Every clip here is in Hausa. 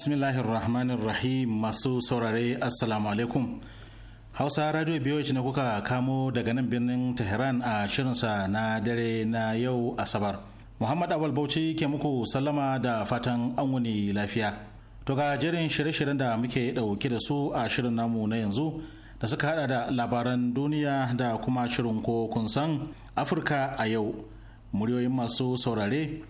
bismillahirrahmanirrahim rahim masu saurare assalamu alaikum hausa radio biyu na kuka kamo daga nan birnin tehran a shirinsa na dare na yau asabar muhammad awal bauchi ke muku sallama da fatan an wani lafiya to ga jerin shirye-shiryen da muke dauke da su a shirin namu na yanzu da suka hada da labaran duniya da kuma shirin ko kun san afirka a yau muryoyin masu saurare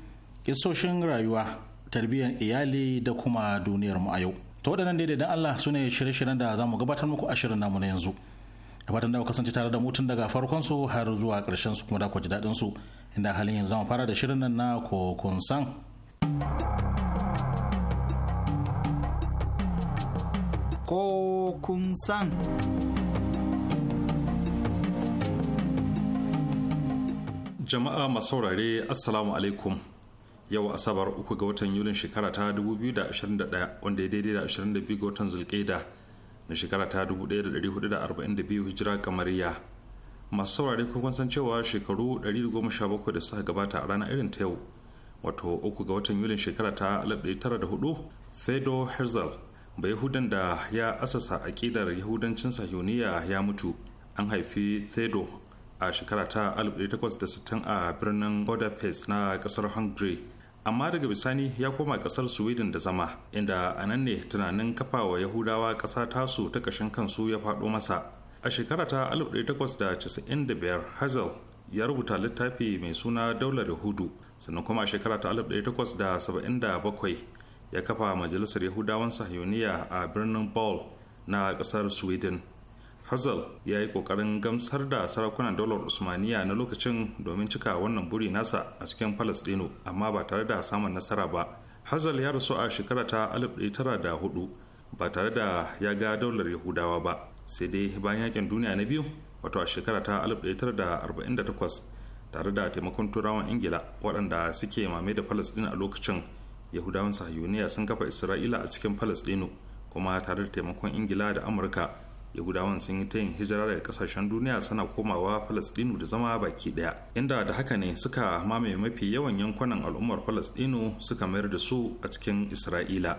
isoshin rayuwa tarbiyyar iyali da kuma duniyar mu a yau to waɗannan daidai dan Allah su ne shirye-shiryen da za mu gabatar muku a shirin namu na yanzu da fatan da ku kasance tare da mutum daga farkon su har zuwa ƙarshen su kuma da ku ji daɗin su inda halin yanzu mu fara da shirin nan na kokun san kokun san jama'a masaurare assalamu alaikum yau asabar uku ga watan yulin shekara ta 2021 wanda ya daidai da 22 ga watan zulkaida na shekara ta 1442 hijira kamariya masu saurare kun san cewa shekaru 117 da suka gabata a ranar irin ta yau wato uku ga watan yulin shekara ta 1904 fedor herzl bayahudan da ya asasa akidar yahudancin sahuniya ya mutu an haifi fedor a shekara ta 1860 a birnin budapest na kasar hungary amma daga bisani ya koma kasar sweden da zama inda a nan ne tunanin kafawa yahudawa ƙasa tasu ta ƙashin kansu ya faɗo masa a shekara ta 1895 hazel ya rubuta littafi mai suna daular yahudu sannan kuma a shekara ta 1877 ya kafa majalisar yahudawan sahiyoniya a birnin ball na ƙasar sweden Hazel ya yi kokarin gamsar da sarakunan daular Usmaniya na lokacin domin cika wannan buri nasa a cikin Falasɗinu amma ba tare da samun nasara ba. Hazel ya rasu a shekara ta 1904 ba tare da ya ga daular Yahudawa ba sai dai bayan yakin duniya na biyu wato a shekara ta 1948 tare da taimakon turawan Ingila waɗanda suke mame da Falasɗinu a lokacin Yahudawan Sahiyuniya sun kafa Isra'ila a cikin Falasɗinu kuma tare da taimakon Ingila da Amurka yahudawan sun yi ta yin hijira daga kasashen duniya suna komawa falastinu da zama baki daya inda da haka ne suka mamaye mafi yawan yankunan al'ummar falastinu suka mayar da su a cikin isra'ila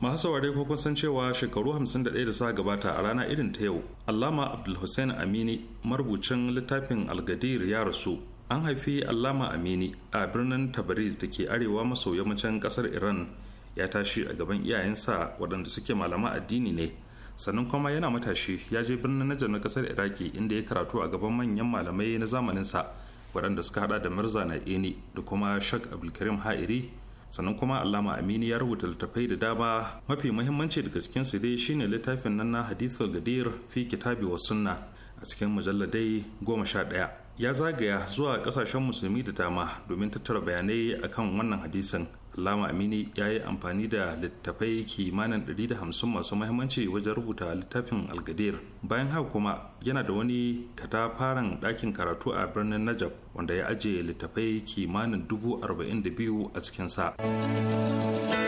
masu saurare ko kun san cewa shekaru 51 da suka gabata a rana irin ta yau allama hussein amini marubucin littafin algadir ya rasu an haifi allama amini a birnin tabriz da ke arewa maso yammacin kasar iran ya tashi a gaban iyayensa waɗanda suke malaman addini ne sannan kuma yana matashi ya je birnin Najar na ƙasar Iraki inda ya karatu a gaban manyan malamai na zamaninsa waɗanda suka haɗa da Mirza na eni da kuma Shak Abdulkarim Ha'iri sannan kuma Allama Amini ya rubuta littattafai da dama mafi muhimmanci daga cikin su dai shine littafin nan na hadithu Gadir fi Kitabi wa Sunna a cikin mujalladai goma sha ɗaya ya zagaya zuwa ƙasashen musulmi da dama domin tattara bayanai akan wannan hadisin Lama Amini ya yi amfani da littafai kimanin 150 masu mahimmanci wajen rubuta littafin Algadir. Bayan haka kuma yana da wani katafaren ɗakin karatu a birnin Najaf wanda ya ajiye littafai kimanin 42,000 a cikinsa.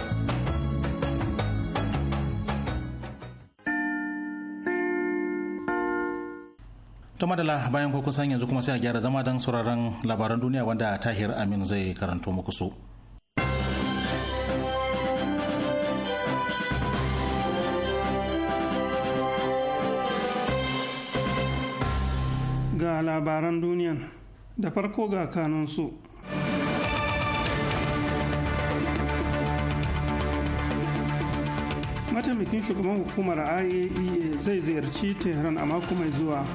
To madala bayan ko kusan yanzu kuma sai a gyara zama don sauraron labaran duniya wanda Tahir Amin zai karanto muku su. Ga labaran duniyan da farko ga kanunsu. su. mataimakin shugaban hukumar iaea e zai ziyarci tehran a mako mai zuwa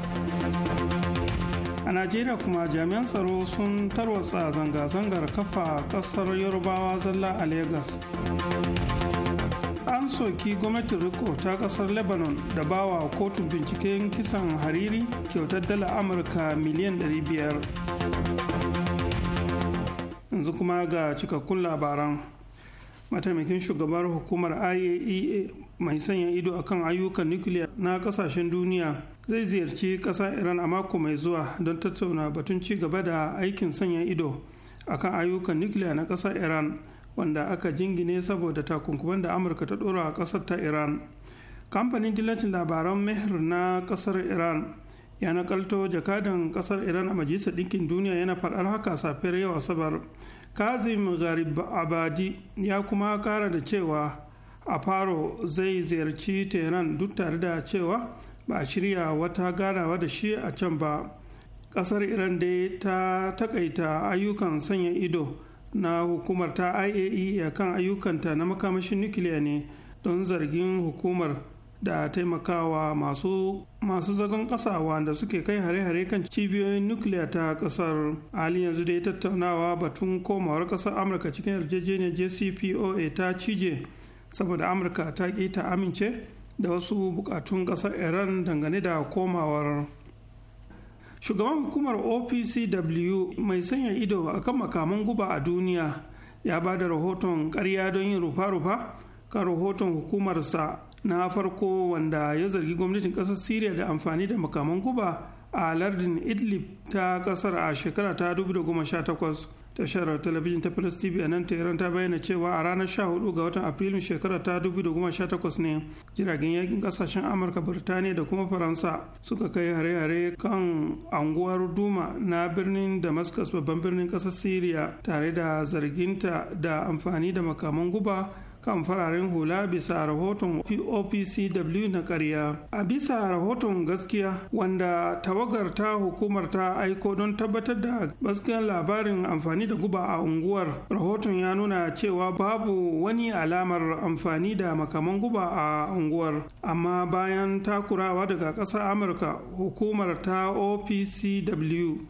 a najeriya kuma jami'an tsaro sun tarwatsa zanga-zangar kafa kasar yorubawa zalla a lagos an soki gwamnatin riko ta kasar lebanon da bawa kotun binciken kisan hariri kyautar dala amurka miliyan 500 yanzu kuma ga cikakkun labaran mataimakin shugabar hukumar iaea e mai sanya ido akan ayyukan nukiliya na kasashen duniya zai ziyarci kasa iran a mako mai zuwa don tattauna batun ci gaba da aikin sanya ido akan ayyukan nukiliya na kasa iran wanda aka jingine saboda takunkuman da amurka ta dora a kasar ta iran kamfanin dillacin labaran mehr na kasar iran ya nakalto jakadan ƙasar iran a majalisar ɗinkin duniya yana faɗar haka safiyar yau asabar kazim garib abadi ya kuma kara da cewa a faro zai ziyarci tehran duk tare da cewa ba a shirya wata ganawa da shi a can ba kasar iran dai ta takaita ayyukan sanya ido na hukumar ta iaea e kan ayyukanta na makamashin nukiliya ne don zargin hukumar da taimakawa masu masu zagon ƙasa wanda suke kai hare-hare kan cibiyoyin nukiliya ta ƙasar hali yanzu dai tattaunawa batun komawar ƙasar amurka cikin yarjejeniyar jcpoa ta cije saboda amurka ta ƙi ta amince da wasu bukatun ƙasar iran dangane da komawar shugaban hukumar opcw mai sanya ido akan makaman guba a duniya ya ba da rahoton ƙarya don yin rufa-rufa kan rahoton hukumarsa na farko wanda ya zargi gwamnatin kasar syria da amfani da makaman guba a lardin idlib ta kasar a shekara ta 2018 tashar talabijin ta plus tv a nan tehran ta bayyana cewa a ranar 14 ga watan afrilun shekara ta 2018 ne jiragen yakin kasashen amurka birtaniya da kuma faransa suka kai hare-hare kan anguwar duma na birnin damascus babban birnin kasar syria tare da zarginta da amfani da makaman guba kan fararen hula bisa rahoton opcw na karya a bisa rahoton gaskiya wanda tawagar ta hukumar ta aiko don tabbatar da gaskiyar labarin amfani da guba a unguwar rahoton ya nuna cewa babu wani alamar amfani da makaman guba a unguwar amma bayan takurawa daga ƙasar amurka hukumar ta opcw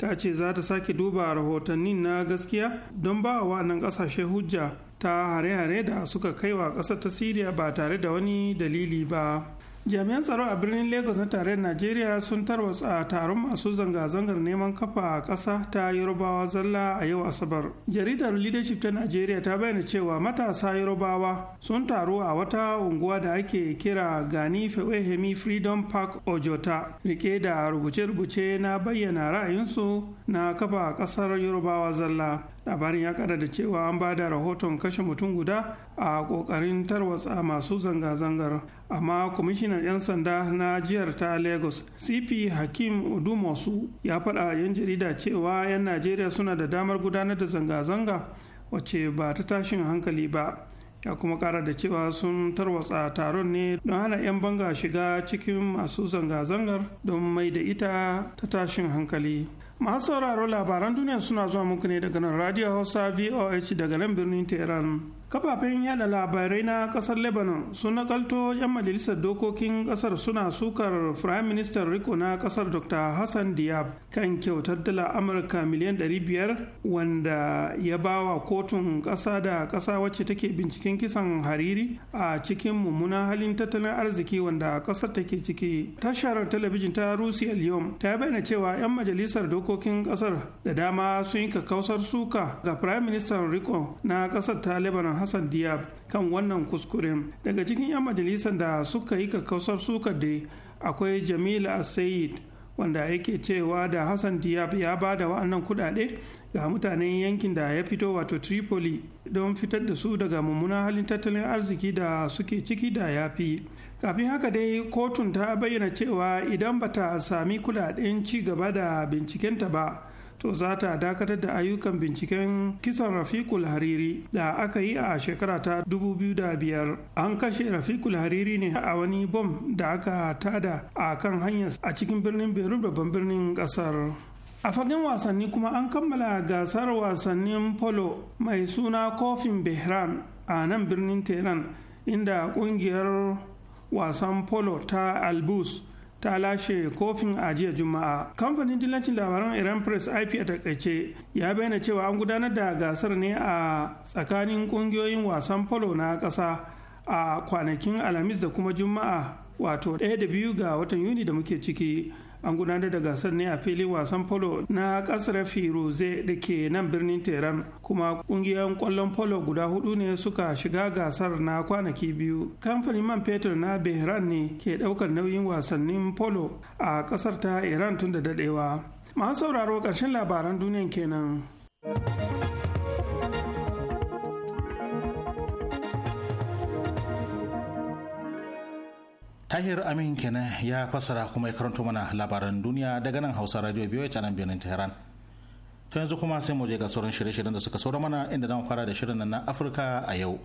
ta ce za ta sake duba rahotannin na gaskiya don ba wa nan kasashe hujja ta hare-hare da suka kai wa ƙasar ta siriya ba tare da wani dalili ba jami'an tsaro a birnin lagos na tarayyar najeriya sun tarwatsa taron masu zanga-zangar neman kafa ƙasa ta yorubawa zalla a yau asabar jaridar leadership ta najeriya ta bayyana cewa matasa yorubawa sun taru a wata unguwa da ake kira gani fewehemi freedom park ojota rike da rubuce-rubuce na bayyana ra'ayinsu na kafa ƙasar yorubawa zalla labarin ya kara da cewa an ba da rahoton kashe mutum guda a kokarin tarwatsa masu zanga-zangar amma kwamishinan 'yan sanda na jihar ta lagos cp hakim udumosu ya faɗa yan jarida cewa 'yan najeriya suna da damar gudanar da zanga-zanga wacce ba ta tashin hankali ba ya kuma kara da cewa sun tarwatsa taron ne don hana 'yan banga shiga cikin masu zanga-zangar don mai da ita ta tashin hankali masu sauraro labaran duniya suna zuwa muku ne daga nan radio hausa voh daga nan birnin tehran kafafen yada labarai na kasar lebanon sun nakalto yan majalisar dokokin kasar suna sukar prime minister riko na kasar dr hassan diab kan kyautar dala amurka miliyan 500 wanda ya bawa kotun kasa da kasa wacce take binciken kisan hariri a cikin mummunan halin tattalin arziki wanda kasar take ciki tashar talabijin ta rusi yau ta bayyana cewa yan majalisar dokokin harkokin kasar da dama sun yi kakausar suka ga prime minister riko na kasar ta lebanon hassan diab kan wannan kuskuren daga cikin 'yan majalisar da suka yi kakausar suka da akwai jamila asayid wanda yake cewa da hassan diab ya ba da wa'annan kudade ga mutanen yankin da ya fito wato tripoli don fitar da su daga mummunan halin tattalin arziki da suke ciki da ya fi kafin haka dai kotun ta bayyana cewa idan ba ta sami kudaden ci gaba da bincikenta ba to za ta dakatar da ayyukan binciken kisan rafikul hariri da aka yi a shekara ta 2005 an kashe rafikul hariri ne a wani bom da aka tada a kan hanyar a cikin birnin beirut babban birnin kasar a fagen wasanni kuma an kammala gasar wasannin polo mai suna kofin behran a nan birnin tehran inda kungiyar wasan polo ta albus ta lashe kofin ajiya juma'a kamfanin dillancin labaran iran press ip a takaice ya bayyana cewa an gudanar da gasar ne a tsakanin kungiyoyin wasan polo na ƙasa a kwanakin alhamis da kuma juma'a wato ɗaya da biyu ga watan yuni da muke ciki an gudanar da gasar ne a filin wasan polo na kasar firoze da ke nan birnin tehran kuma kungiyar kwallon polo guda hudu ne suka shiga gasar na kwanaki biyu kamfanin man fetur na behran ne ke daukar nauyin wasannin polo a kasar ta iran tun da dadewa masu sauraro karshen labaran duniyan kenan. tahir amin kenan ya fassara kuma ya karanto mana labaran duniya daga nan hausa radio biyu a nan birnin tehran ta yanzu kuma sai mu je ga sauran shirye-shiryen da suka saura mana inda zamu fara da shirin nan na afirka a yau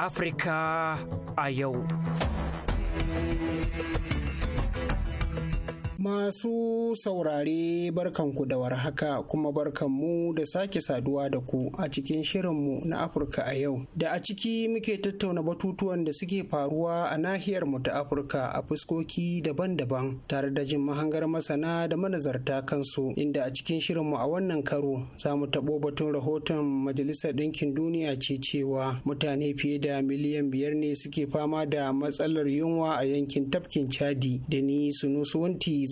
Afirka a yau. Masu saurare barkanku da warhaka kuma barkanmu da sake saduwa da ku a cikin shirinmu na Afirka a yau. Da a ciki muke tattauna batutuwan da suke faruwa a nahiyar mu ta Afirka a fuskoki daban-daban tare da jin mahangar masana da manazarta kansu inda a cikin shirinmu a wannan karo za mu taɓo batun rahoton Majalisar Ɗinkin Duniya ce cewa mutane fiye da miliyan biyar ne suke fama da matsalar yunwa a yankin tafkin Chadi da ni Sunusuwanti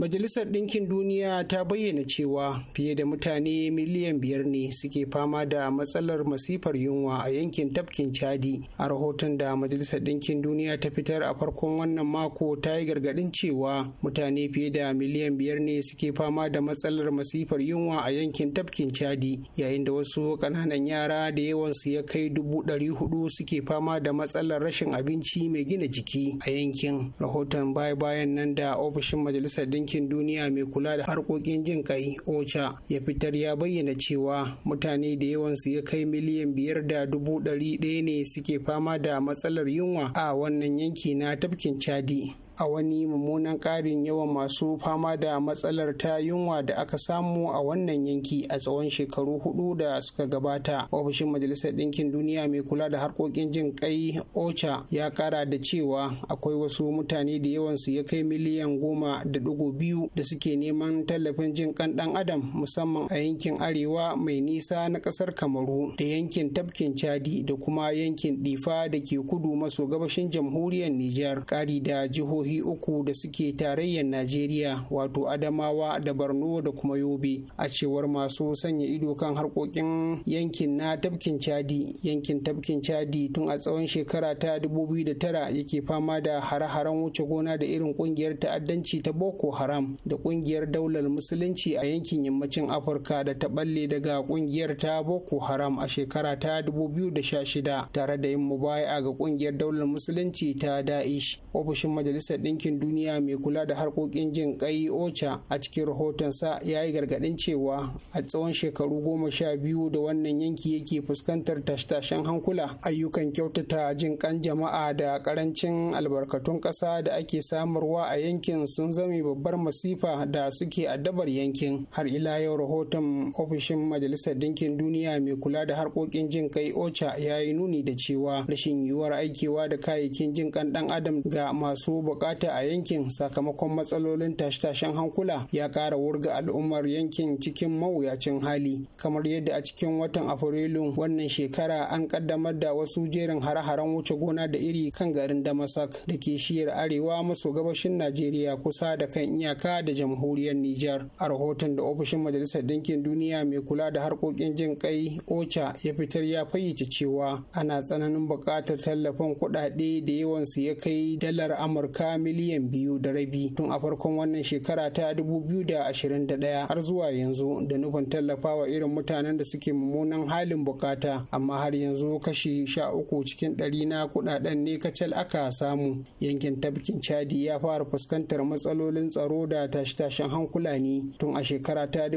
Majalisar Ɗinkin Duniya ta bayyana cewa fiye da mutane miliyan biyar ne suke fama da matsalar masifar yunwa a yankin tafkin Chadi. A rahoton da Majalisar Ɗinkin Duniya ta fitar a farkon wannan mako ta yi gargaɗin cewa mutane fiye da miliyan biyar ne suke fama da matsalar masifar yunwa a yankin tafkin Chadi, yayin da wasu ƙananan yara da yawansu ya kai dubu ɗari hudu suke fama da matsalar rashin abinci mai gina jiki a yankin. Rahoton baya-bayan nan da ofishin Majalisar Ɗinkin yankin duniya mai kula da harkokin jin kai ocha ya fitar ya bayyana cewa mutane da yawan su ya kai miliyan biyar da dubu ɗari ɗaya ne suke fama da matsalar yunwa a wannan yanki na tafkin chadi a wani mummunan ƙarin yawan masu fama da matsalar ta yunwa da aka samu a wannan yanki a tsawon shekaru hudu da suka gabata ofishin majalisar ɗinkin duniya mai kula da harkokin jin kai ocha ya ƙara da cewa akwai wasu mutane da yawan su ya kai miliyan goma da dugu biyu da suke neman tallafin jin kan dan adam musamman a yankin arewa mai nisa na ƙasar kamaru da yankin tafkin chadi da kuma yankin difa da ke kudu maso gabashin jamhuriyar nijar ƙari da jihohi jihohi uku da suke tarayyar Najeriya wato Adamawa da Borno da kuma Yobe a cewar masu sanya ido kan harkokin yankin na tafkin Chadi yankin tafkin Chadi tun a tsawon shekara ta 2009 yake fama da hare-haren wuce gona da irin kungiyar ta'addanci ta Boko Haram da kungiyar daular musulunci a yankin yammacin Afirka da ta balle daga kungiyar ta Boko Haram a shekara ta 2016 tare da yin mubaya'a ga kungiyar daular musulunci ta Da'ish ofishin majalisar ɗinkin duniya mai kula da harkokin jin ƙai ocha a cikin rahotonsa ya yi gargaɗin cewa a tsawon shekaru goma sha biyu da wannan yanki yake fuskantar tashe hankula ayyukan kyautata jin ƙan jama'a da ƙarancin albarkatun ƙasa da ake samarwa a yankin sun zame babbar masifa da suke addabar yankin har ila yau rahoton ofishin majalisar ɗinkin duniya mai kula da harkokin jin ƙai ocha ya yi nuni da cewa rashin yiwuwar aikewa da kayayyakin jin ƙan ɗan adam ga masu bukata a yankin sakamakon matsalolin tashe-tashen hankula ya ƙara wurga al'ummar yankin cikin mawuyacin hali kamar yadda a cikin watan Afrilu wannan shekara an kaddamar da wasu jerin hare-haren wuce gona da iri kan garin damasak da ke shiyar arewa maso gabashin najeriya kusa da kan iyaka da jamhuriyar nijar a rahoton da ofishin majalisar Dinkin duniya mai kula da harkokin jin kai ocha ya fitar ya fayyace cewa ana tsananin buƙatar tallafin kuɗaɗe da yawansu ya kai da dalar amurka miliyan biyu da rabi tun a farkon wannan shekara ta da 2021 har zuwa yanzu da nufin tallafawa irin mutanen da suke mummunan halin bukata amma har yanzu kashi sha uku cikin ɗari na kudaden ne kacal aka samu yankin tafkin chadi ya fara fuskantar matsalolin tsaro da tashe-tashen hankula ne tun a shekara ta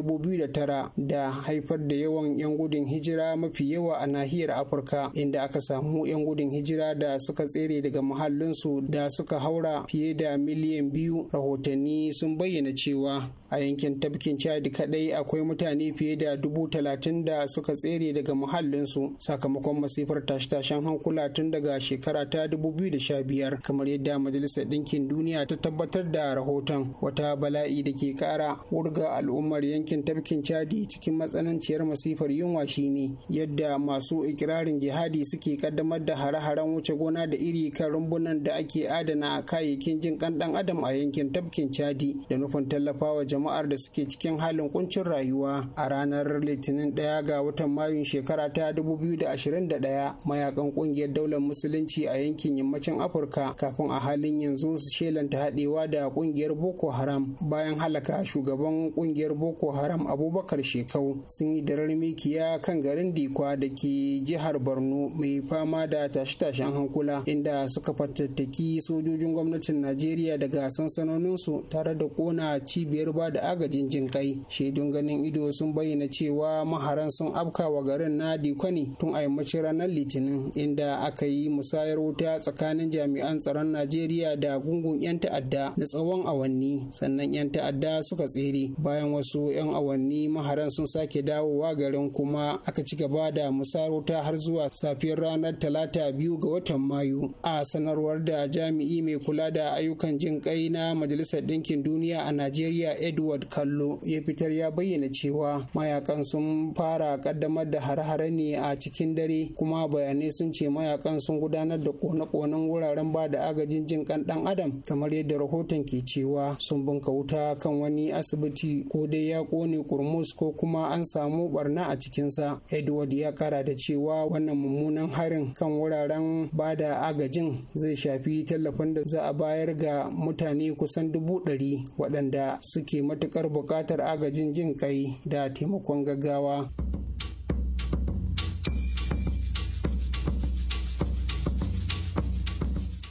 tara da haifar da yawan 'yan gudun hijira mafi yawa a nahiyar afirka inda aka samu 'yan gudun hijira da suka tsere daga muhallinsu da suka haura fiye da miliyan biyu rahotanni sun bayyana cewa a yankin tafkin chad kadai akwai mutane fiye da dubu talatin da suka tsere daga muhallinsu sakamakon masifar tashe-tashen hankula tun daga shekara ta 2015 kamar yadda majalisar ɗinkin duniya ta tabbatar da rahoton wata bala'i da ke kara wurga al'ummar yankin tafkin chadi cikin matsananciyar masifar yunwa shine yadda masu ikirarin jihadi suke kaddamar da hare-haren wuce gona da iri kan rumbunan da ake adana kayayyakin jin kan dan adam a yankin tafkin chadi da nufin tallafawa jama'a jama'ar da suke cikin halin kuncin rayuwa a ranar litinin ɗaya ga watan mayun shekara ta 2021 mayakan kungiyar daular musulunci a yankin yammacin afirka kafin a halin yanzu su shelanta haɗewa da kungiyar boko haram bayan halaka shugaban kungiyar boko haram abubakar shekau sun yi darar mikiya kan garin dikwa da ke jihar borno mai fama da tashe-tashen hankula inda suka fatattaki sojojin gwamnatin najeriya daga sansanoninsu tare da kona cibiyar ba da agajin jin shaidun ganin ido sun bayyana cewa maharan sun afka wa garin na dikwani tun a ranar litinin inda aka yi musayar wuta tsakanin jami'an tsaron najeriya da gungun 'yan ta'adda na tsawon awanni sannan 'yan ta'adda suka tsere bayan wasu 'yan awanni maharan sun sake dawowa garin kuma aka ci gaba da musayar wuta har zuwa safiyar ranar talata biyu ga watan mayu a sanarwar da jami'i mai kula da ayyukan jin kai na majalisar ɗinkin duniya a najeriya edu edward kallo ya fitar ya bayyana cewa mayakan sun fara kaddamar da har-hare ne a cikin dare kuma bayanai sun ce mayakan sun gudanar da kone-konen wuraren ba da agajin jin kan dan adam kamar yadda rahoton ke cewa sun bunka wuta kan wani asibiti ko dai ya kone kurmus ko kuma an samu barna a cikinsa edward ya kara da cewa wannan mummunan harin kan wuraren ba da agajin zai shafi tallafin da za a bayar ga mutane kusan dubu ɗari waɗanda suke matukar buƙatar agajin jin kai da taimakon gaggawa.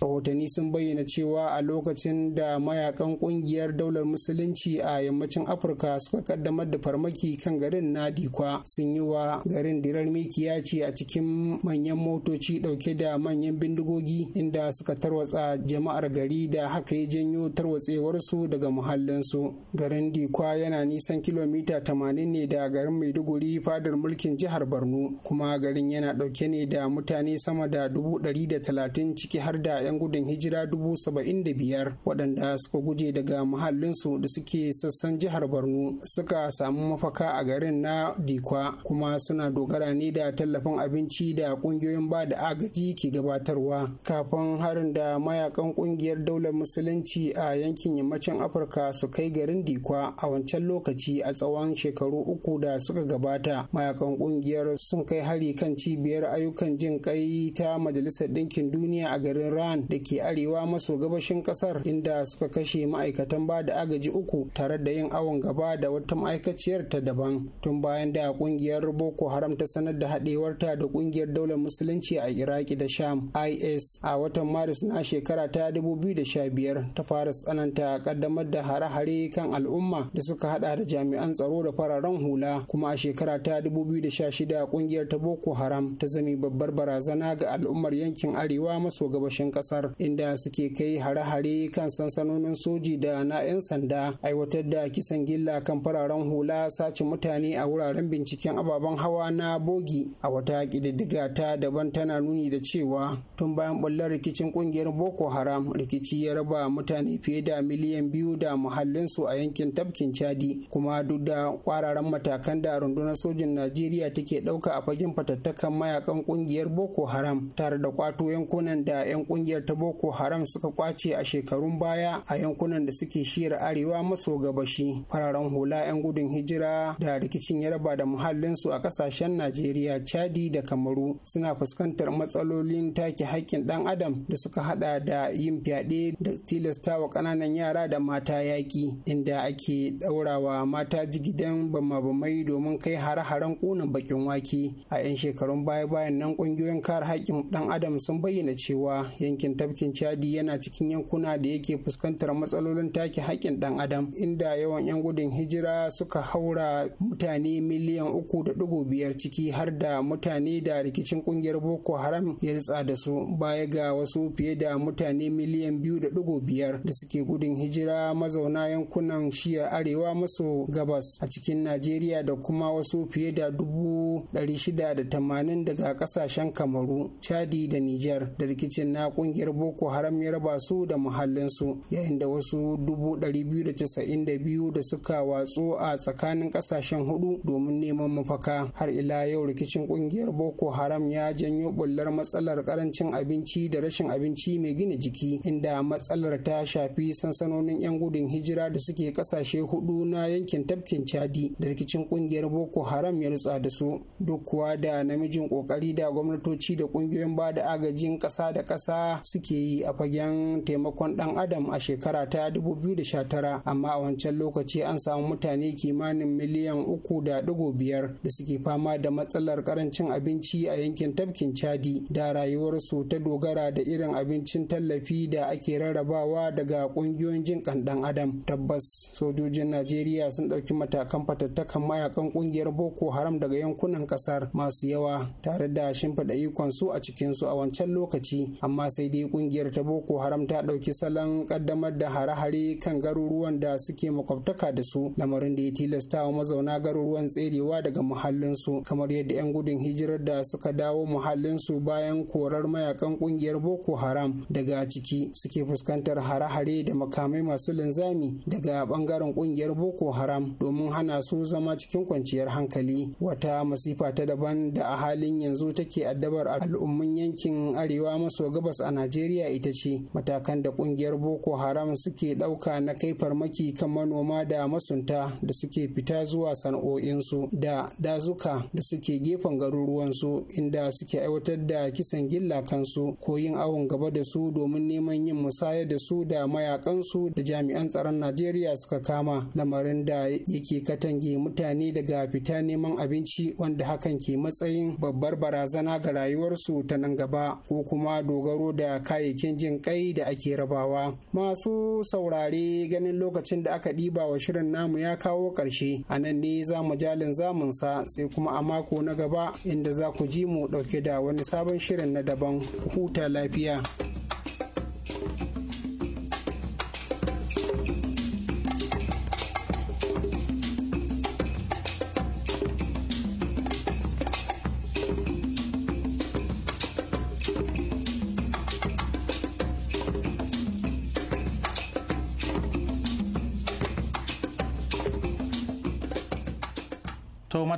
rahotanni sun bayyana cewa a lokacin da mayakan kungiyar daular musulunci a yammacin afirka suka kaddamar da farmaki kan garin na dikwa sun yi wa garin dirar mikiya ce a cikin manyan motoci dauke da manyan bindigogi inda suka tarwatsa jama'ar gari da haka ya janyo tarwatsewarsu daga muhallinsu garin dikwa yana nisan kilomita tamanin ne da garin maiduguri fadar mulkin jihar borno kuma garin yana dauke ne da mutane sama da 130 ciki har da 'yan gudun hijira dubu saba'in da biyar waɗanda suka guje daga muhallinsu da suke sassan jihar borno suka samu mafaka a garin na dikwa kuma suna dogara ne da tallafin abinci da ƙungiyoyin ba da agaji ke gabatarwa kafin harin da mayakan ƙungiyar daular musulunci a yankin yammacin afirka su kai garin dikwa a wancan lokaci a tsawon shekaru uku da suka gabata mayakan ƙungiyar sun kai hari kan cibiyar ayyukan jin kai ta majalisar ɗinkin duniya a garin ran Sudan da ke arewa maso gabashin kasar inda suka kashe ma'aikatan ba da agaji uku tare da yin awon gaba da wata ma'aikaciyar ta daban tun bayan da kungiyar Boko Haram ta sanar da haɗewarta da kungiyar daular musulunci a Iraki da Sham IS a watan Maris na shekara ta 2015 ta fara tsananta kaddamar da hare-hare kan al'umma da suka hada da jami'an tsaro da fararen hula kuma a shekara ta 2016 kungiyar ta Boko Haram ta zami babbar barazana ga al'ummar yankin arewa maso gabashin kasar. kasar inda suke kai hare-hare kan sansanonin soji da na 'yan sanda aiwatar da kisan gilla kan fararen hula sace mutane a wuraren binciken ababen hawa na bogi a wata ƙididdiga ta daban tana nuni da cewa tun bayan bullar rikicin kungiyar boko haram rikici ya raba mutane fiye da miliyan biyu da muhallinsu a yankin tafkin chadi kuma duk da kwararan matakan da rundunar sojin najeriya take ɗauka a fagen fatattakan mayakan kungiyar boko haram tare da kwato yankunan da 'yan kungiyar ƙungiyar ta boko haram suka kwace a shekarun baya a yankunan da suke shiyar arewa maso gabashi fararen hula 'yan gudun hijira da rikicin yarba da muhallin su a ƙasashen najeriya chadi da kamaru suna fuskantar matsalolin take haƙƙin ɗan adam da suka hada da yin fyaɗe da tilastawa ƙananan yara da mata yaƙi inda ake ɗaurawa mata jigidan bama-bamai domin kai hare-haren ƙunan bakin wake a 'yan shekarun baya-bayan nan ƙungiyoyin kare haƙƙin ɗan adam sun bayyana cewa yankin yankin tafkin chadi yana cikin yankuna da yake fuskantar matsalolin take haƙƙin ɗan adam inda yawan 'yan gudun hijira suka haura mutane miliyan uku da ɗigo biyar ciki har da mutane da rikicin ƙungiyar boko haram ya ritsa da su baya ga wasu fiye da mutane miliyan biyu da ɗigo biyar da suke gudun hijira mazauna yankunan shiyar arewa maso gabas a cikin najeriya da kuma wasu fiye da dubu ɗari shida da tamanin daga ƙasashen kamaru chadi da nijar da rikicin na ƙungiyar kungiyar boko haram ya raba su da muhallinsu yayin da wasu 292 da da biyu suka watsu a tsakanin ƙasashen hudu domin neman mafaka har ila yau rikicin ƙungiyar boko haram ya janyo bullar matsalar karancin abinci da rashin abinci mai gina jiki inda matsalar ta shafi sansanonin 'yan gudun hijira da suke ƙasashe hudu na yankin tafkin chadi da rikicin ƙungiyar boko haram ya rutsa da su duk kuwa da namijin kokari da gwamnatoci da kungiyoyin ba da agajin kasa da kasa suke yi a fagen taimakon ɗan adam a shekara ta 2019 amma a wancan lokaci an samu mutane kimanin miliyan uku da digo biyar da suke fama da matsalar karancin abinci a yankin tafkin chadi da rayuwarsu ta dogara da irin abincin tallafi da ake rarrabawa daga ƙungiyoyin jin kan dan adam tabbas sojojin najeriya sun ɗauki matakan fatattakan mayakan ƙungiyar boko haram daga yankunan ƙasar masu yawa tare da shimfiɗa ikon su a cikinsu a wancan lokaci amma sai daidai kungiyar ta boko haram ta ɗauki salon ƙaddamar da hare-hare kan garuruwan da suke makwabtaka da su lamarin da ya tilasta wa mazauna garuruwan tserewa daga muhallin su kamar yadda 'yan gudun hijirar da suka dawo muhallin su bayan korar mayakan kungiyar boko haram daga ciki suke fuskantar hare-hare da makamai masu linzami daga bangaren kungiyar boko haram domin hana su zama cikin kwanciyar hankali wata masifa ta daban da a halin yanzu take addabar al'ummin yankin arewa maso gabas a Najeriya ita ce matakan da kungiyar Boko Haram suke ɗauka na kai farmaki kan manoma da masunta da suke fita zuwa sana'o'insu da dazuka da suke gefen garuruwansu inda suke aiwatar da kisan gilla kansu ko yin awon gaba da su domin neman yin musaya da su da mayakansu da jami'an tsaron Najeriya suka kama lamarin da yake katange mutane daga fita neman abinci wanda hakan ke matsayin babbar barazana ga rayuwarsu ta nan gaba ko kuma dogaro da kayayyakin jin kai da ake rabawa masu saurare ganin lokacin da aka ɗiba wa shirin namu ya kawo ƙarshe a nan ne za mu jalin zamunsa sai kuma a mako na gaba inda za ku ji mu ɗauke da wani sabon shirin na daban huta lafiya.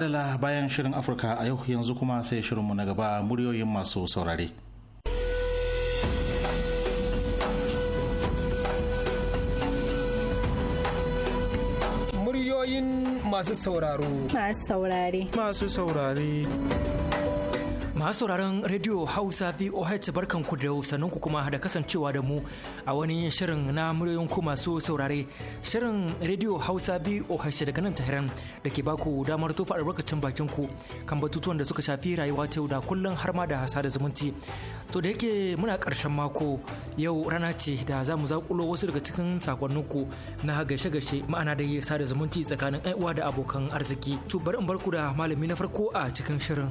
madala bayan shirin afirka a yau yanzu kuma sai shirinmu na gaba muryoyin masu saurare muryoyin masu sauraro masu saurare masu saurare Masu sauraron Radio Hausa VOH ku da ku kuma da kasancewa da mu a wani shirin na muryoyin ku masu saurare. Shirin Radio Hausa bi VOH daga nan Tahiran da ke baku damar tofa albarkacin bakin ku kan batutuwan da suka shafi rayuwa ta da kullum har ma da hasa zumunci. To da yake muna karshen mako yau rana ce da za mu zakulo wasu daga cikin ku na gashe-gashe ma'ana da sada zumunci tsakanin uwa da abokan arziki. To bari in barku da malami na farko a cikin shirin.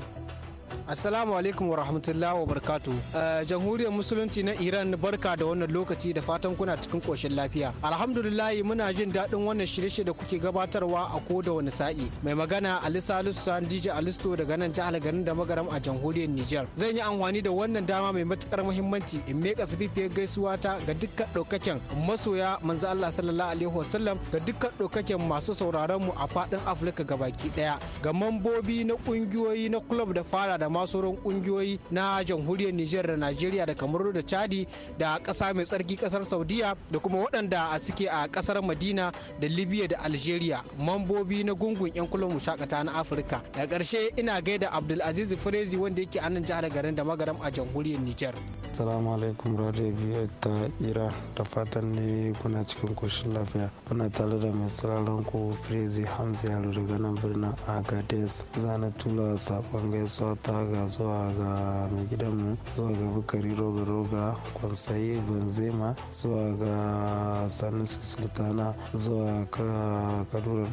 Assalamu alaikum wa rahmatullahi wa barkatu. Eh, jamhuriyar Musulunci na Iran barka da wannan lokaci da fatan kuna cikin koshin lafiya. Alhamdulillah muna jin daɗin wannan shirye-shirye da kuke gabatarwa a ko da wani sa'i. Mai magana Ali Salisu DJ Alisto daga nan jihar garin da magaram a jamhuriyar Nijar. Zan yi amfani da wannan dama mai matukar muhimmanci in meka safifiyar gaisuwa ta ga dukkan ɗaukaken masoya manzo Allah sallallahu alaihi wasallam ga dukkan ɗaukaken masu sauraron mu a faɗin Afirka gabaki ɗaya. Ga mambobi na ƙungiyoyi na club da fara da ma sauran kungiyoyi na jamhuriyar Nijar da Najeriya da Kamaru da Chadi da kasa mai tsarki ƙasar Saudiya da kuma waɗanda suke a ƙasar Madina da Libya da Algeria mambobi na gungun 'yan kulon mushakata na Afirka. Da karshe ina gaida Abdulaziz Firezi wanda yake a nan jihar garin da magaram a jamhuriyar Nijar. Assalamu alaikum Radio Biyu ta Ira da fatan ne kuna cikin koshin lafiya. Kuna tare da mai tsiraron ku Firezi Hamza Yaro daga nan birnin Agadez. Zana tula saƙon gaisuwa ta ga zuwa ga mai gidanmu zuwa ga bukari roga roga kwansai benzema zuwa ga sanusi sultana zuwa ga kadura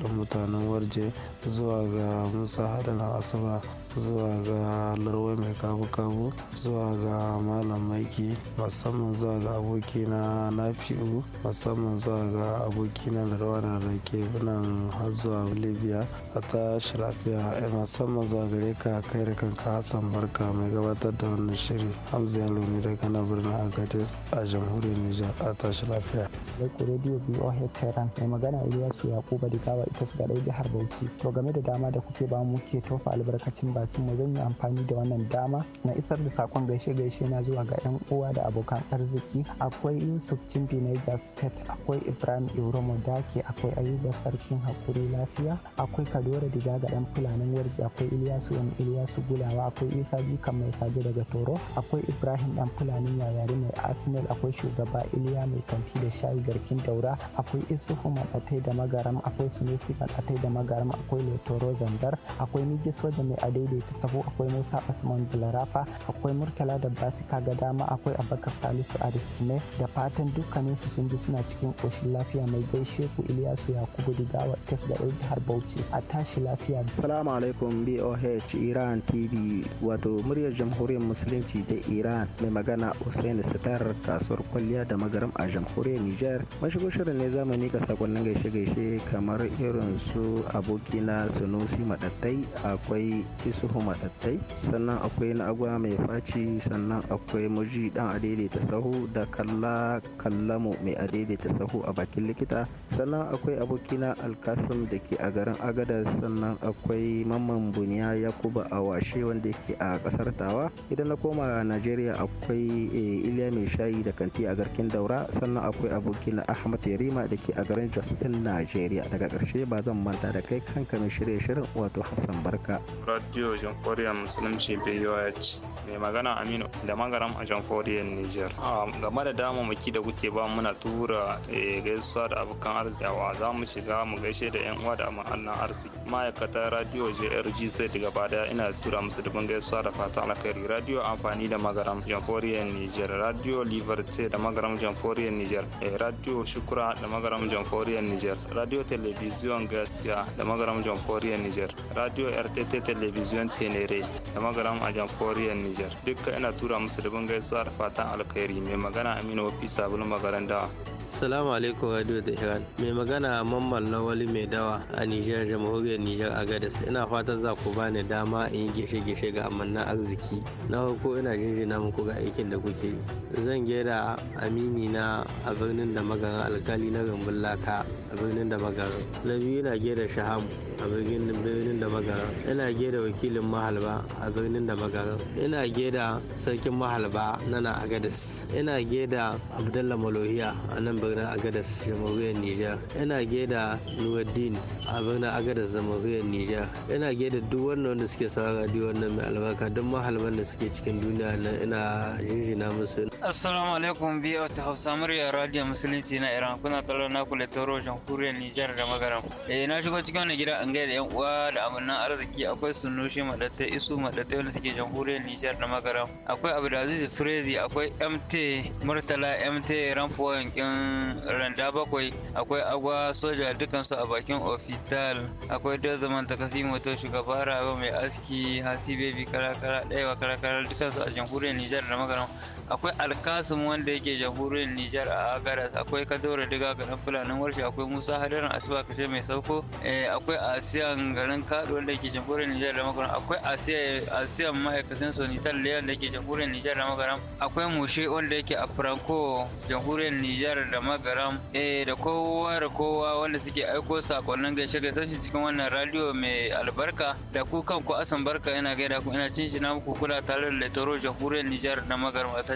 ga mutanen warje zuwa ga musa hadana asuba zuwa ga larwai mai kabu-kabu zuwa ga malam maiki musamman zuwa ga abokina nafi'u musamman zuwa ga abokina larwa na rake nan har zuwa libya a ta shirafiya eh, musamman zuwa gare ka kai da kanka hassan barka mai gabatar da wannan shiri hamza yalo ne daga na birnin agadez a jamhuriyar nijar a tashi lafiya. biyu Radio BOH Tehran mai magana Iliyasu Yakuba Digawa ita su gaɗai jihar Bauchi. To game da dama da kuke ba mu ke tofa albarkacin ba mu zan yi amfani da wannan dama na isar da sakon gaishe-gaishe na zuwa ga 'yan uwa da abokan arziki akwai yusuf cimbi niger state akwai ibrahim iromo dake akwai ayuba sarkin hakuri lafiya akwai kadora diga ga dan fulanin warji akwai iliyasu yan iliyasu gulawa akwai isa jika mai saje daga toro akwai ibrahim dan fulanin yayari mai arsenal akwai shugaba iliya mai kanti da shayi garkin daura akwai isuhu matsatai da magaram akwai sunusi matsatai da magaram akwai letoro zandar akwai miji soja mai adaidai Aliyu akwai Musa Usman Bularafa akwai Murtala da Basika ga dama akwai Abubakar Salisu ne da fatan dukkanin su sun ji suna cikin koshin lafiya mai gaishe ku Iliyasu Yakubu Digawa Kes da ɗan jihar Bauchi a tashi lafiya. Assalamu alaikum BOH Iran TV wato muryar jamhuriyar musulunci ta Iran mai magana Hussein Sitar kasuwar kwalliya da magaram a jamhuriyar Nijar mashigo shirin ne zamani ka sakonnin gaishe-gaishe kamar irin su abokina Sunusi Madattai akwai iso. isuhu maɗattai sannan akwai na agwa mai faci sannan akwai muji dan adaidaita sahu da kalla kallamu mai adaidaita sahu a bakin likita sannan akwai abokina alkasim da ke a garin agada sannan akwai mamman buniya yakuba a washe wanda ke a kasar tawa idan na koma najeriya akwai eh, iliya mai shayi da kanti a garkin daura sannan akwai abokina ahmad yarima da ke a garin jos din najeriya daga karshe ba zan manta da kai kanka mai shirye shirin wato hassan barka rediyo koriya musulunci biyoya ce mai magana aminu da magaram a jamhuriyar niger game da maki da kuke ba muna tura eh, gaisuwa da abokan arzikawa za mu shiga mu gaishe da yan uwa da ma'annan arziki ma'aikata radio jrg sai daga bada ina tura musu dubin gaisuwa da fata alkhairi radio amfani da magaram jamhuriyar niger radio liberty da magaram jamhuriyar niger eh, radio shukura da magaram jamhuriyar niger radio television gaskiya da magaram jamhuriyar niger radio rtt television region tenere da magaram a jamforiyar niger dukka ina tura musu da gaisuwa da fatan alkhairi mai magana aminu wafi sabulu magaran dawa Salamu alaikum Radio da Iran. Mai magana Mamman wali Mai Dawa a Nijar Jamhuriyar Nijar a Gadas. Ina fatan za ku bani dama in yi gishe-gishe ga amanna arziki. Na farko ina jinjina muku ga aikin da kuke yi. Zan gera amini na a birnin da magaran alkali na rumbun laka a birnin da magaran. Na biyu ina gera shaham a birnin da magaran. Ina gera wakil wakilin mahalba a birnin da magaran ina geda sarkin mahalba na nan agadas ina geda abdallah malohiya a nan birnin agadas jamhuriyar nijar ina geda nuwaddin a birnin agadas jamhuriyar nijar ina geda duk wannan wanda suke sawa radio wannan mai albarka don mahalman da suke cikin duniya na ina jinjina musu assalamu alaikum biyu ta hausa murya radio musulunci na iran kuna kallon na kula toro jamhuriyar nijar da magana eh na shigo cikin wani gida an gaida yan uwa da amannan arziki akwai sunushi shi Madatai Isu Madatai wanda suke jamhuriyar Nijar da Magaram akwai Abdulaziz Frezi akwai MT Murtala MT Ramfo yankin Randa bakwai akwai Agwa Soja dukansu a bakin Ofital akwai ta kasi moto shugaba ba mai aski Hasi Baby karakara ɗaya wa karakara dukansu a jamhuriyar Nijar da Magaram akwai alkasum wanda yake jamhuriyar nijar a agaras akwai Kadore diga garin fulanin warshi akwai musa hadarin asuba kashe mai sauko eh, akwai asiyan garin kado wanda yake jamhuriyar nijar da makaram akwai asiyan ma'aikacin sonitar leon da yake jamhuriyar nijar da magaram. akwai mushe wanda yake a franco jamhuriyar nijar da magaram eh, da kowa da kowa wanda suke aiko sakonnin gaishe gaishe sashi cikin wannan radio mai albarka da ku kanku asan barka yana gaida ku ina cin shi na muku kula tare da letoro jamhuriyar nijar da magaram a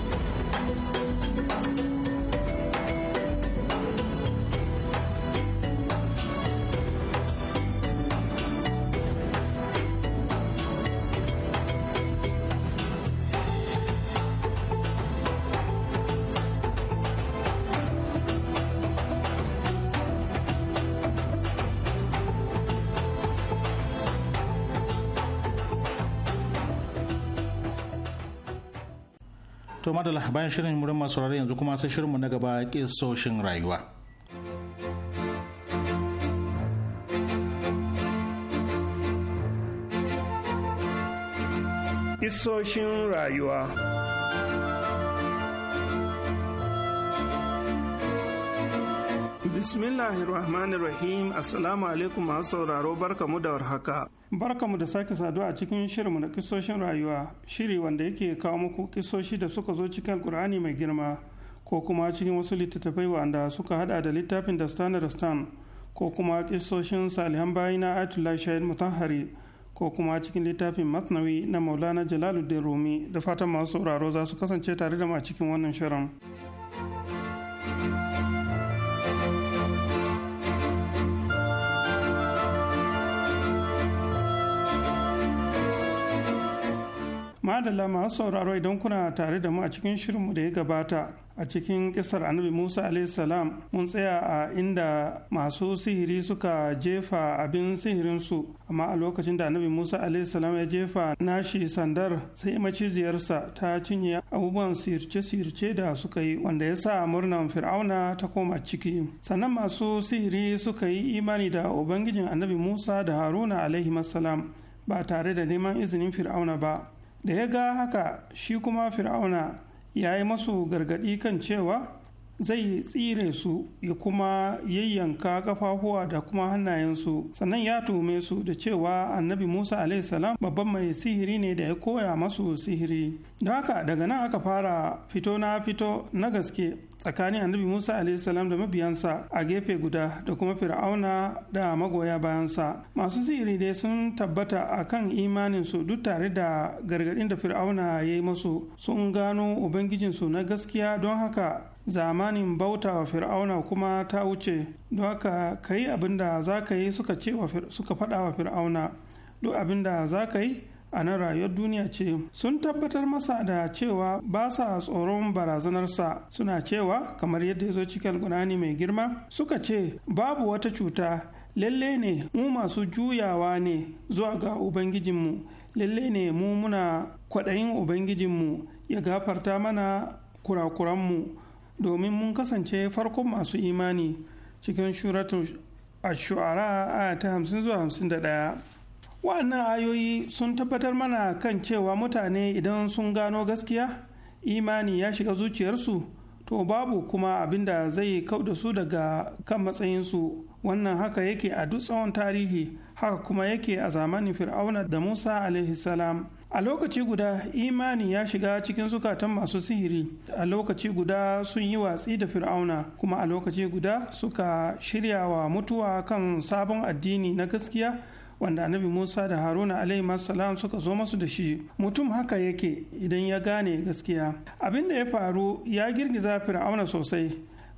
madala bayan shirin murin masu rari yanzu kuma sai shirinmu na gaba kisoshin rayuwa isoshin rayuwa Bismillahirrahmanirrahim Assalamu alaikum masu sauraro barkamu da warhaka. barka mu da sake saduwa a cikin shirinmu na kisoshin rayuwa, shiri wanda yake kawo muku kisoshi da suka zo cikin Alkur'ani mai girma ko kuma cikin wasu littattafai wanda suka hada da littafin da Stan Stan ko kuma kisoshin Salihan bayi na Shahid Mutahari ko kuma cikin littafin Masnawi na Maulana Jalaluddin Rumi da fatan masu sauraro za su kasance tare da mu a cikin wannan shirin. Madala masu sauraro idan kuna tare da mu a cikin shirinmu da ya gabata a cikin kisar annabi musa salam mun tsaya a inda masu sihiri suka jefa abin sihirinsu amma a lokacin da annabi musa salam ya jefa nashi sandar sai maciziyarsa ta cinye abubuwan sihirce-sihirce da suka yi wanda ya sa murnan fir'auna ta koma ciki sannan masu sihiri suka yi imani da ubangijin annabi musa da haruna alaihi ba tare da neman izinin fir'auna ba da ya ga haka shi kuma fir'auna ya yi masu gargaɗi kan cewa zai tsire su ya kuma yayyanka kafafuwa da kuma hannayensu sannan ya tume su da cewa annabi musa salam babban mai sihiri ne da ya koya masu sihiri da haka daga nan aka fara fito na fito na gaske tsakanin annabi musa salam da mabiyansa a gefe guda da kuma fir'auna da magoya bayansa masu sihiri dai sun tabbata a kan imaninsu duk tare da gargaɗin da fir'auna ya yi masu sun gano ubangijinsu na gaskiya don haka zamanin bauta wa fir'auna kuma ta wuce don haka ka yi abin da za ka yi suka faɗa wa fir'auna duk abinda da za ka yi a nan rayuwar duniya ce sun tabbatar masa da cewa ba sa tsoron barazanarsa suna cewa kamar yadda ya zo cikin gunani mai girma suka ce babu wata cuta lalle ne mu masu juyawa ne zuwa ga ubangijinmu lalle ne mu muna kwaɗayin ubangijinmu ya gafarta mana kurakuranmu domin mun kasance farkon masu imani cikin shuratu a shu'ara a ta hamsin zuwa hamsin da ɗaya wannan ayoyi sun tabbatar mana kan cewa mutane idan sun gano gaskiya imani ya shiga zuciyarsu to babu kuma abin da zai kau da su daga kan matsayinsu wannan haka yake a duk tsawon tarihi haka kuma yake a zamanin fir'auna da musa salam a lokaci guda imani ya shiga cikin zukatan masu sihiri a lokaci guda sun yi watsi da fir'auna kuma a lokaci guda suka shirya wa mutuwa kan sabon addini na gaskiya wanda annabi musa da haruna alaihi salam suka zo masu da shi mutum haka yake idan ya gane gaskiya abin da ya faru ya girgiza fir'auna sosai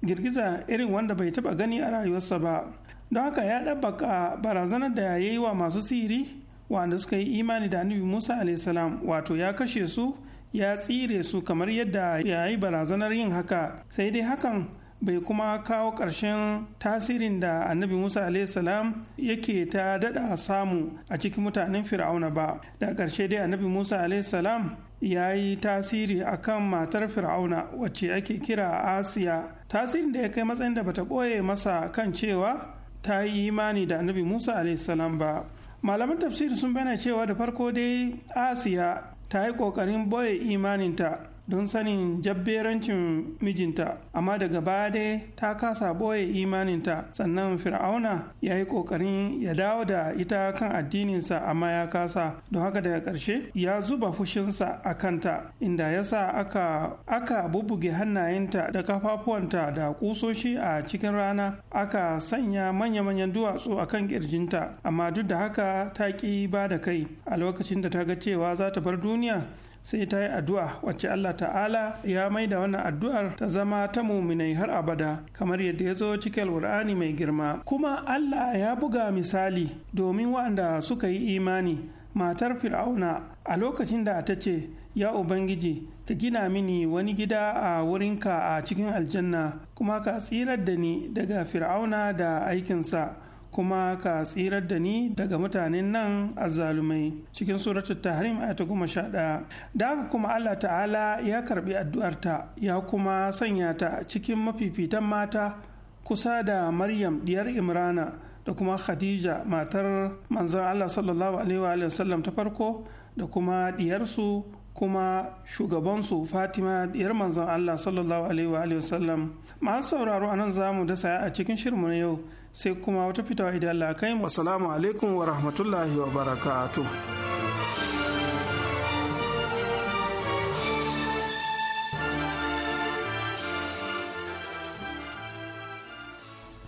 girgiza irin wanda bai taba gani a rayuwarsa ba don haka ya ɗabbaka barazanar da ya yi wa masu sihiri wanda suka yi imani da annabi musa alaihi salam wato ya kashe su ya tsire su kamar yadda ya yi barazanar yin haka sai dai hakan bai kuma kawo ƙarshen tasirin da annabi musa salam yake ta daɗa samu a cikin mutanen fir'auna ba da ƙarshe dai annabi musa salam ya yi tasiri a kan matar fir'auna wacce ake kira asiya tasirin da ya kai matsayin da bata ɓoye masa kan cewa ta yi imani da annabi musa salam ba malaman tafsiri sun bayyana cewa da farko dai asiya ta yi ƙoƙarin boye imaninta don sanin jabberancin mijinta amma daga baya dai ta kasa ɓoye imaninta sannan fir'auna ya yi ƙoƙarin ya dawo da ita kan addininsa amma ya kasa don haka daga ƙarshe ya zuba fushinsa a kanta inda ya sa aka, aka bubuge hannayenta da kafafuwanta da kusoshi a cikin rana aka sanya manya-manyan duwatsu a kan ƙirjinta amma duk da haka ta ƙi ba da kai a lokacin da ta ga cewa za ta bar duniya sai ta yi addu'a wacce Allah ta'ala ya mai da wannan addu'ar ta zama ta muminai har abada kamar yadda ya zo cikin alkur'ani mai girma kuma Allah ya buga misali domin waɗanda suka yi imani matar fir'auna a lokacin da ta ce ya ubangiji ka gina mini wani gida a wurinka a cikin aljanna kuma ka tsirar da ni daga fir'auna da aikinsa kuma ka tsirar da ni daga mutanen nan azzalumai cikin suratul tahrim aya ta goma sha da haka kuma allah ta'ala ya karbi addu'arta ya kuma sanya ta cikin mafifitan mata kusa da maryam diyar imrana da kuma khadija matar manzon allah sallallahu alaihi wa sallam ta farko da kuma diyarsu kuma shugabansu fatima diyar manzon allah sallallahu alaihi wa sallam masu sauraro anan zamu dasa a cikin shirmu na yau sai kuma wata fitawa idan Allah kai mu assalamu alaikum wa rahmatullahi wa barakatuh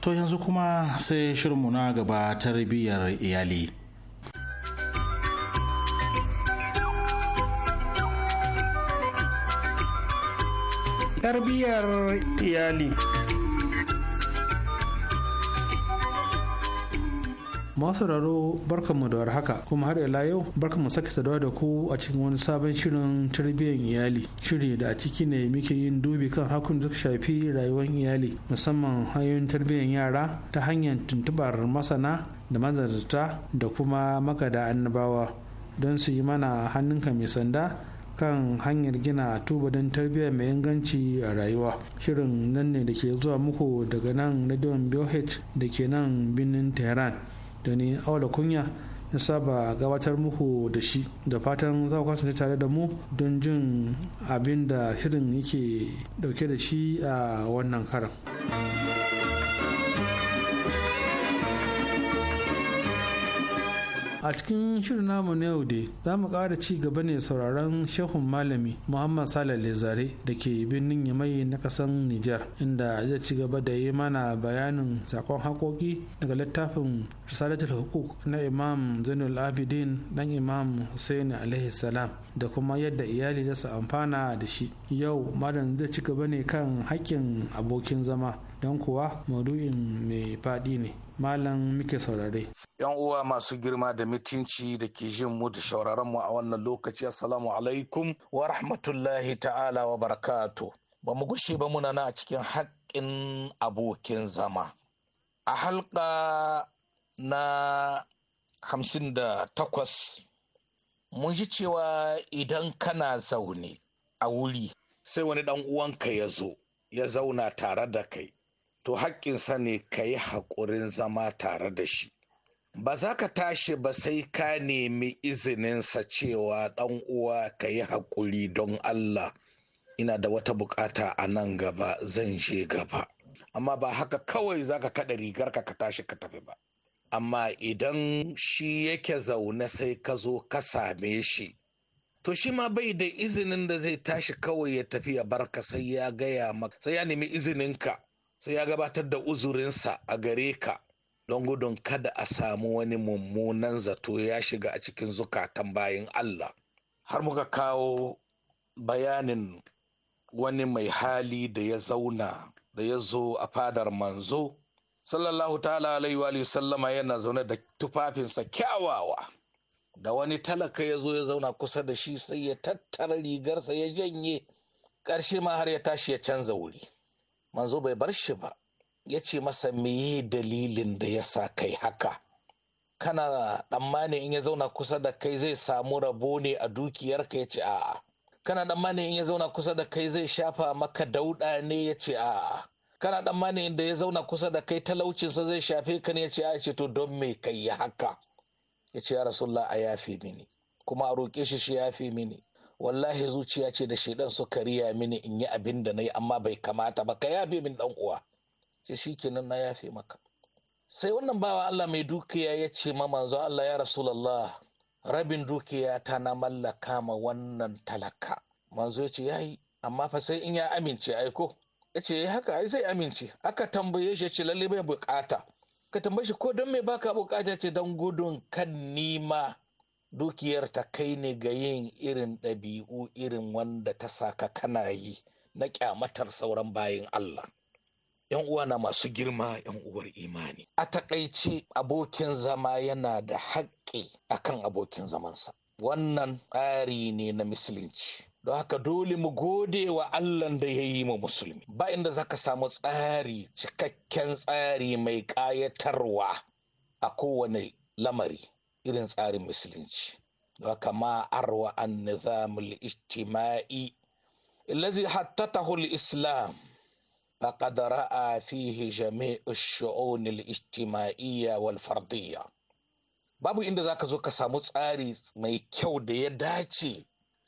To yanzu kuma sai shirinmu na gaba tarbiyyar iyali. Tarbiyyar iyali. masu raro barkanmu da warhaka kuma har ila yau barkanmu sake saduwa da ku a cikin wani sabon shirin tarbiyyar iyali shiri da a ciki ne muke yin dubi kan hakun da shafi rayuwar iyali musamman hanyoyin tarbiyyar yara ta hanyar tuntubar masana da manzarta da kuma makada annabawa don su yi mana hannunka mai sanda kan hanyar gina tuba don tarbiyya mai inganci a rayuwa shirin nan ne da ke zuwa muku daga nan radio bioh da ke nan birnin tehran da ni awala kunya na saba gabatar muku da shi da fatan za ku kasance tare da mu don jin abin da shirin yake dauke da shi a wannan karan. a cikin shirin namu na yau dai za mu ƙara ci gaba ne sauraron shehun malami muhammad salah lezare da ke birnin yamai na kasan nijar inda zai ci gaba da yi mana bayanin sakon haƙoƙi daga littafin risalatul hukuk na imam zainul abidin dan imam hussein alaihi salam da kuma yadda iyali da su amfana da shi yau malam zai ci gaba ne kan haƙƙin abokin zama don kuwa maudu'in mai faɗi ne malam muke saurare. yan uwa masu girma da mutunci da ke jin mu da shauraron mu a wannan lokaci assalamu alaikum wa rahmatullahi ta'ala wa barakatu ba mu gushe ba muna na a cikin haƙƙin abokin zama a halka na hamsin da takwas mun ji cewa idan kana zaune a wuri sai wani ɗan uwanka ya zo ya zauna tare da kai to haƙƙinsa ne ka yi haƙurin zama tare da shi ba za ka tashi ba sai ka nemi izininsa cewa ɗan uwa ka yi haƙuri don Allah ina da wata buƙata a nan gaba zan je gaba amma ba haka kawai za ka kaɗa rigarka ka tashi ka tafi ba amma idan shi yake zaune sai ka zo ka same shi to shi ma bai da izinin da zai tashi kawai ya tafi ya barka sai ya gaya maka sai ya nemi izininka sai ya gabatar da uzurinsa a gare ka don gudun kada a samu wani mummunan zato ya shiga a cikin zukatan bayan Allah. Har muka kawo bayanin wani mai hali da ya zauna da ya zo a fadar manzo, sallallahu ta'ala alaihi wa sallama yana zaune da tufafinsa kyawawa. Da wani talaka ya zo ya zauna kusa da shi sai ya tattara rigarsa ya janye, ƙarshe ma har ya tashi ya canza wuri. manzo bai bar shi ba ya ce masa meye dalilin da ya sa kai haka kana tsammanin in ya zauna kusa da kai zai samu rabo ne a dukiyarka ya ce a'a kana tsammanin in ya zauna kusa da kai zai shafa maka dauɗa ne ya ce a'a kana tsammanin inda ya zauna kusa da kai talaucinsa zai shafe ka ne ya ce a'a ce to don me kai ya haka ya ce ya rasulullah a yafe mini kuma a roƙe shi shi yafe mini wallahi zuciya ce da shaidan suka riya mini in yi abin da na yi amma bai kamata ba ka yafe min dan uwa ce shi kenan na yafe maka sai wannan bawa Allah mai dukiya ya ce ma manzo Allah ya rasulullah rabin dukiya ta na mallaka ma wannan talaka manzo ya ce yayi amma fa sai in ya amince aiko ya ce eh, haka ai sai amince aka tambaye shi ce lalle bai bukata ka tambaye shi ko don me baka bukata ce don gudun kan nima dukiyar ta kai ne ga yin irin ɗabi'u irin wanda ta saka kana yi na kyamatar sauran bayan Allah. ‘Yan uwa na masu girma ‘yan uwar imani. A taƙaice abokin zama yana da haƙƙi akan abokin zamansa. Wannan tsari ne na musulunci. don haka dole mu gode wa Allah da ya yi mu musulmi ba inda za ka samu tsari cikakken tsari mai ƙayatarwa a kowane lamari irin tsarin musulunci kama arwa an nizamul ijtima'i islam a الإسلام a fi فيه جميع istimai الاجتماعية والفردية babu inda za ka zo ka samu tsari mai kyau da ya dace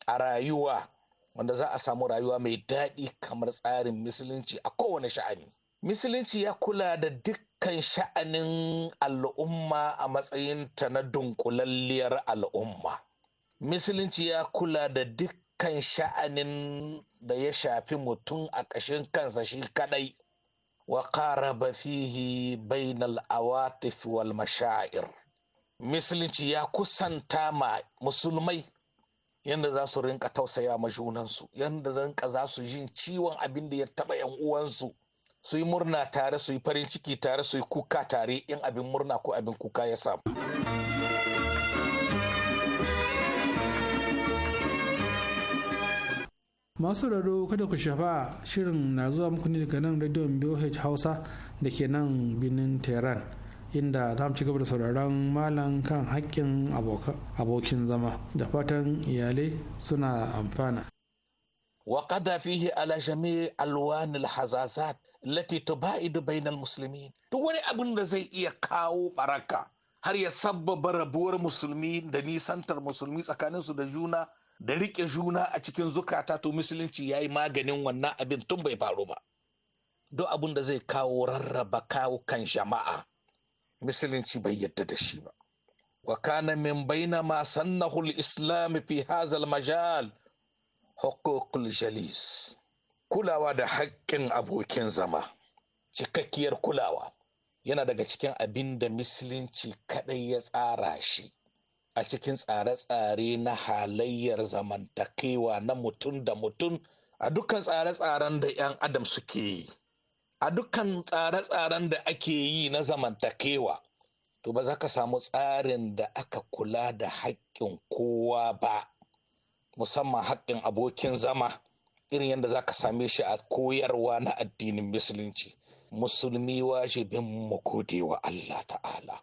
a rayuwa wanda za a samu rayuwa mai daɗi kamar tsarin musulunci a kowane sha'ani musulunci ya kula da dukkan sha'anin al'umma a matsayinta na dunkulalliyar al'umma musulunci ya kula da dukkan sha'anin da ya shafi mutum a ƙashin kansa shi kadai wa ba fihi bainal awatif wal masha'ir. musulunci ya kusanta ma musulmai yadda za su rinka tausaya ma junansu yadda rinka za su jin ciwon abin da ya taɓa yan uwansu su yi murna tare su yi farin ciki tare su yi kuka tare in abin murna ko abin kuka ya samu masu raro kada ku shafa shirin na zuwa muku ne daga nan radio boh hausa da ke nan binin tehran inda za mu ci gaba da sauraron malam kan haƙƙin abokin zama da fatan iyalai suna amfana وقضى fihi ala jami'i ألوان hazazat lati tubaidu bainal Musulmi, duk wani abin da zai iya kawo baraka har ya sabbaba rabuwar musulmi da nisantar musulmi tsakanin su da juna da riƙe juna a cikin zukata to musulunci ya yi maganin wannan abin tun bai faru ba duk abin da zai kawo rarraba kawo kan jama'a musulunci bai yadda da shi ba wa kana min baina ma sannahu al-islam fi hadha al-majal huququl jalis kulawa da haƙƙin abokin zama cikakkiyar kulawa yana daga cikin abin da musulunci kaɗai ya tsara shi a cikin tsare-tsare na halayyar zamantakewa na mutum da mutum a dukkan tsare-tsaren da 'yan adam suke yi a dukkan tsare-tsaren da ake yi na zamantakewa to ba za ka samu tsarin da aka kula da haƙƙin kowa ba musamman haƙƙin abokin zama irin yadda za ka same shi a koyarwa na addinin musulunci musulmi wajibin mu gode wa Allah ta'ala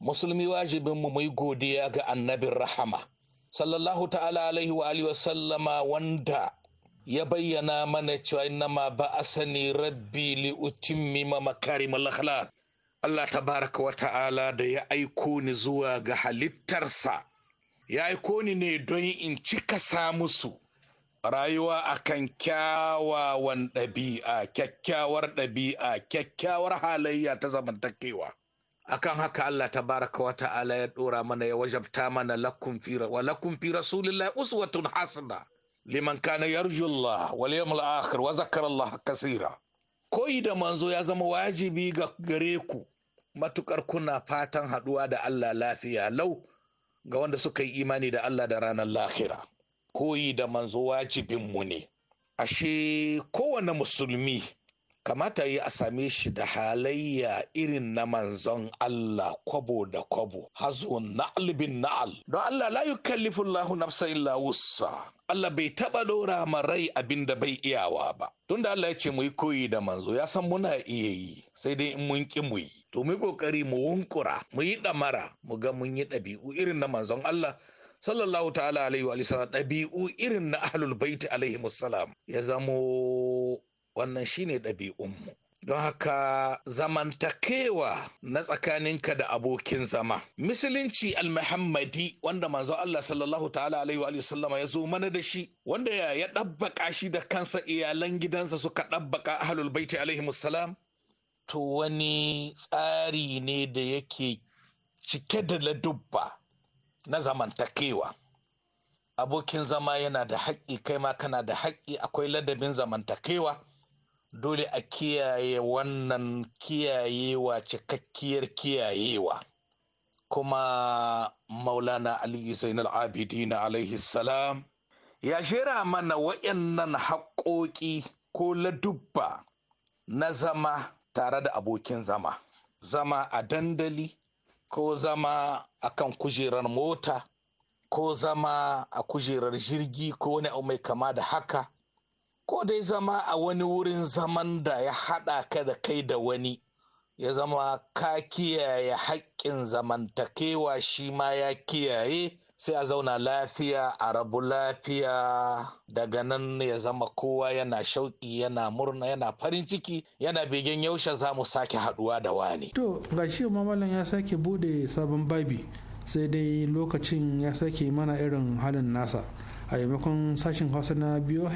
musulmi wajibin mu mai godiya ga annabin rahama sallallahu ta'ala alaihi wa alihi sallama wanda ya bayyana mana cewa innama ba'asani rabbi li utammima makarimal akhlaq Allah tabaraka wa ta'ala da ya aiko ni zuwa ga halittarsa ya aiko ni ne don in cika sa musu rayuwa akan kyawawan ɗabi'a kyakkyawar ɗabi'a kyakkyawar halayya ta zamantakewa akan haka Allah ta baraka wa ta'ala ya ɗora mana ya wajabta mana lakum fi wa lakum fi rasulillahi uswatun hasana liman kana yarjullah wal akhir wa Allah kasira koyi da manzo ya zama wajibi ga gare ku matukar kuna fatan haɗuwa da Allah lafiya lau ga wanda suka yi imani da Allah da ranar lahira koyi da manzo wajibinmu ne ashe kowane musulmi kamata yi a same shi da halayya irin na manzon Allah kwabo da kwabo hazo na'al bin na'al don Allah la yi kallifin illa wussa Allah bai taba dora ma rai abin da bai iyawa ba tun da Allah ya ce mu yi koyi da manzo ya san muna iya yi sai dai in mun ki mu yi to mu yi kokari mu wunkura mu yi ɗamara, mu ga mun yi ɗabi'u irin na manzon Allah sallallahu ta'ala alaihi wa sallam ɗabi'u irin na ahlul baiti alaihi musallam ya zamo wannan shine ɗabi'unmu don haka zamantakewa na tsakaninka da abokin zama misalinci almuhammadi wanda manzo Allah sallallahu ta'ala alaihi wa sallama ya zo mana da shi wanda ya ɗabbaka shi da kansa iyalan gidansa suka ɗabbaka ahlul baiti alaihi musallam to wani tsari ne da yake cike da ladubba na zamantakewa abokin zama yana da haƙƙi kai ma kana da haƙƙi akwai ladabin zamantakewa dole a kiyaye wannan kiyayewa cikakkiyar kiyayewa kuma maulana ali zainal abidin alaihi salam ya shera mana nan haƙoƙi ko ladubba na zama tare da abokin zama zama a dandali ko zama a kan kujerar mota ko zama a kujerar jirgi ko wani abu mai kama da haka ko dai zama a wani wurin zaman da ya haɗa ka da kai da wani ya zama ka kiyaye haƙƙin zamantakewa shi ma ya kiyaye sai a zauna lafiya a rabu lafiya daga nan ya zama kowa yana shauƙi yana murna yana farin ciki yana begen yaushe za mu sake haɗuwa da wani. to ga shi mamalan ya sake bude sabon babi sai dai lokacin ya sake mana irin halin nasa a sashen hausa na boh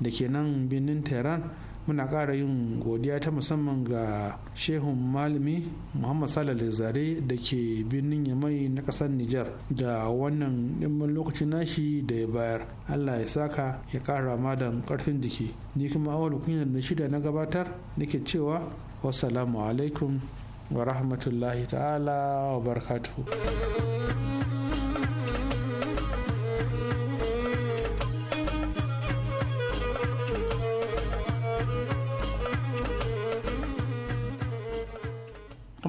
da ke nan birnin tehran muna ƙara yin godiya ta musamman ga shehun malami muhammad salal zare da ke birnin yamai na ƙasar nijar da wannan ɗimbin lokacin nashi da ya bayar allah ya saka ya ƙara da karfin jiki ni kuma awal kunyar da shida na gabatar nake cewa wasalamu alaikum wa rahmatullahi ta'ala wa barkatu.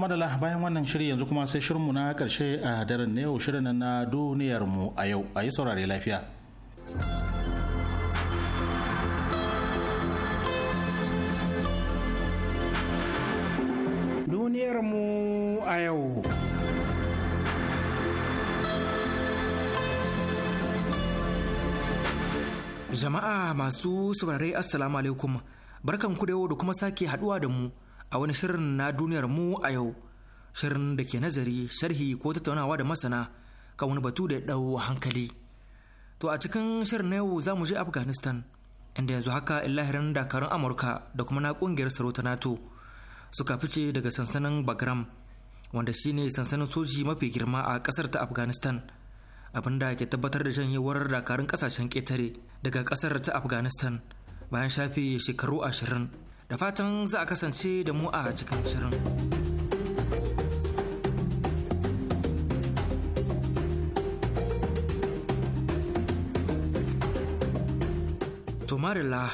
madala bayan wannan shiri yanzu kuma sai shirinmu na karshe a daren ne yau shirin na duniyarmu a yau a yi saurare lafiya duniyarmu a yau jama'a masu saurare assalamu alaikum barkan ku da yau da kuma sake haduwa da mu a wani shirin na duniyar mu a yau shirin da ke nazari sharhi ko tattaunawa da masana kan wani batu da ya ɗau hankali to a cikin shirin na yau za mu je afghanistan inda yanzu haka illahirin dakarun amurka da kuma na kungiyar saro ta nato suka fice daga sansanin bagram wanda shine sansanin soji mafi girma a kasar ta afghanistan abinda ke tabbatar da janyewar dakarun kasashen ketare daga kasar ta afghanistan bayan shafe shekaru ashirin da fatan za a kasance da mu a cikin shirin. Tomarilla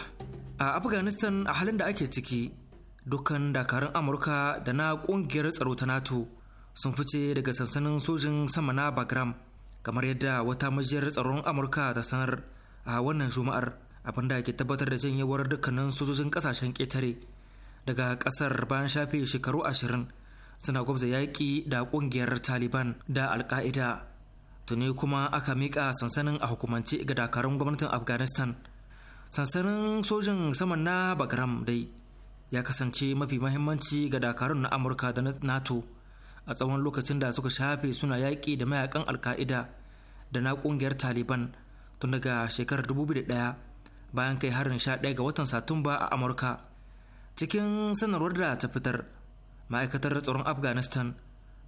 a Afghanistan a halin da ake ciki dukkan dakarun Amurka da na kungiyar tsaro ta NATO sun fice daga sansanin sojin sama na Bagram kamar yadda wata majiyar tsaron Amurka ta sanar a wannan juma'ar. abin da ke tabbatar da janyewar dukkanin sojojin kasashen ƙetare daga ƙasar bayan shafe shekaru ashirin suna gwabza yaƙi da ƙungiyar taliban da alka'ida tuni kuma aka miƙa sansanin a hukumance ga dakarun gwamnatin afghanistan sansanin sojin saman na bagram dai ya kasance mafi mahimmanci ga dakarun na amurka da nato a tsawon lokacin da suka shafe suna yaƙi da mayakan alka'ida da na ƙungiyar taliban tun daga shekarar 2001 bayan kai harin sha ɗaya ga watan satumba a amurka cikin sanarwar da ta fitar ma'aikatar tsaron afghanistan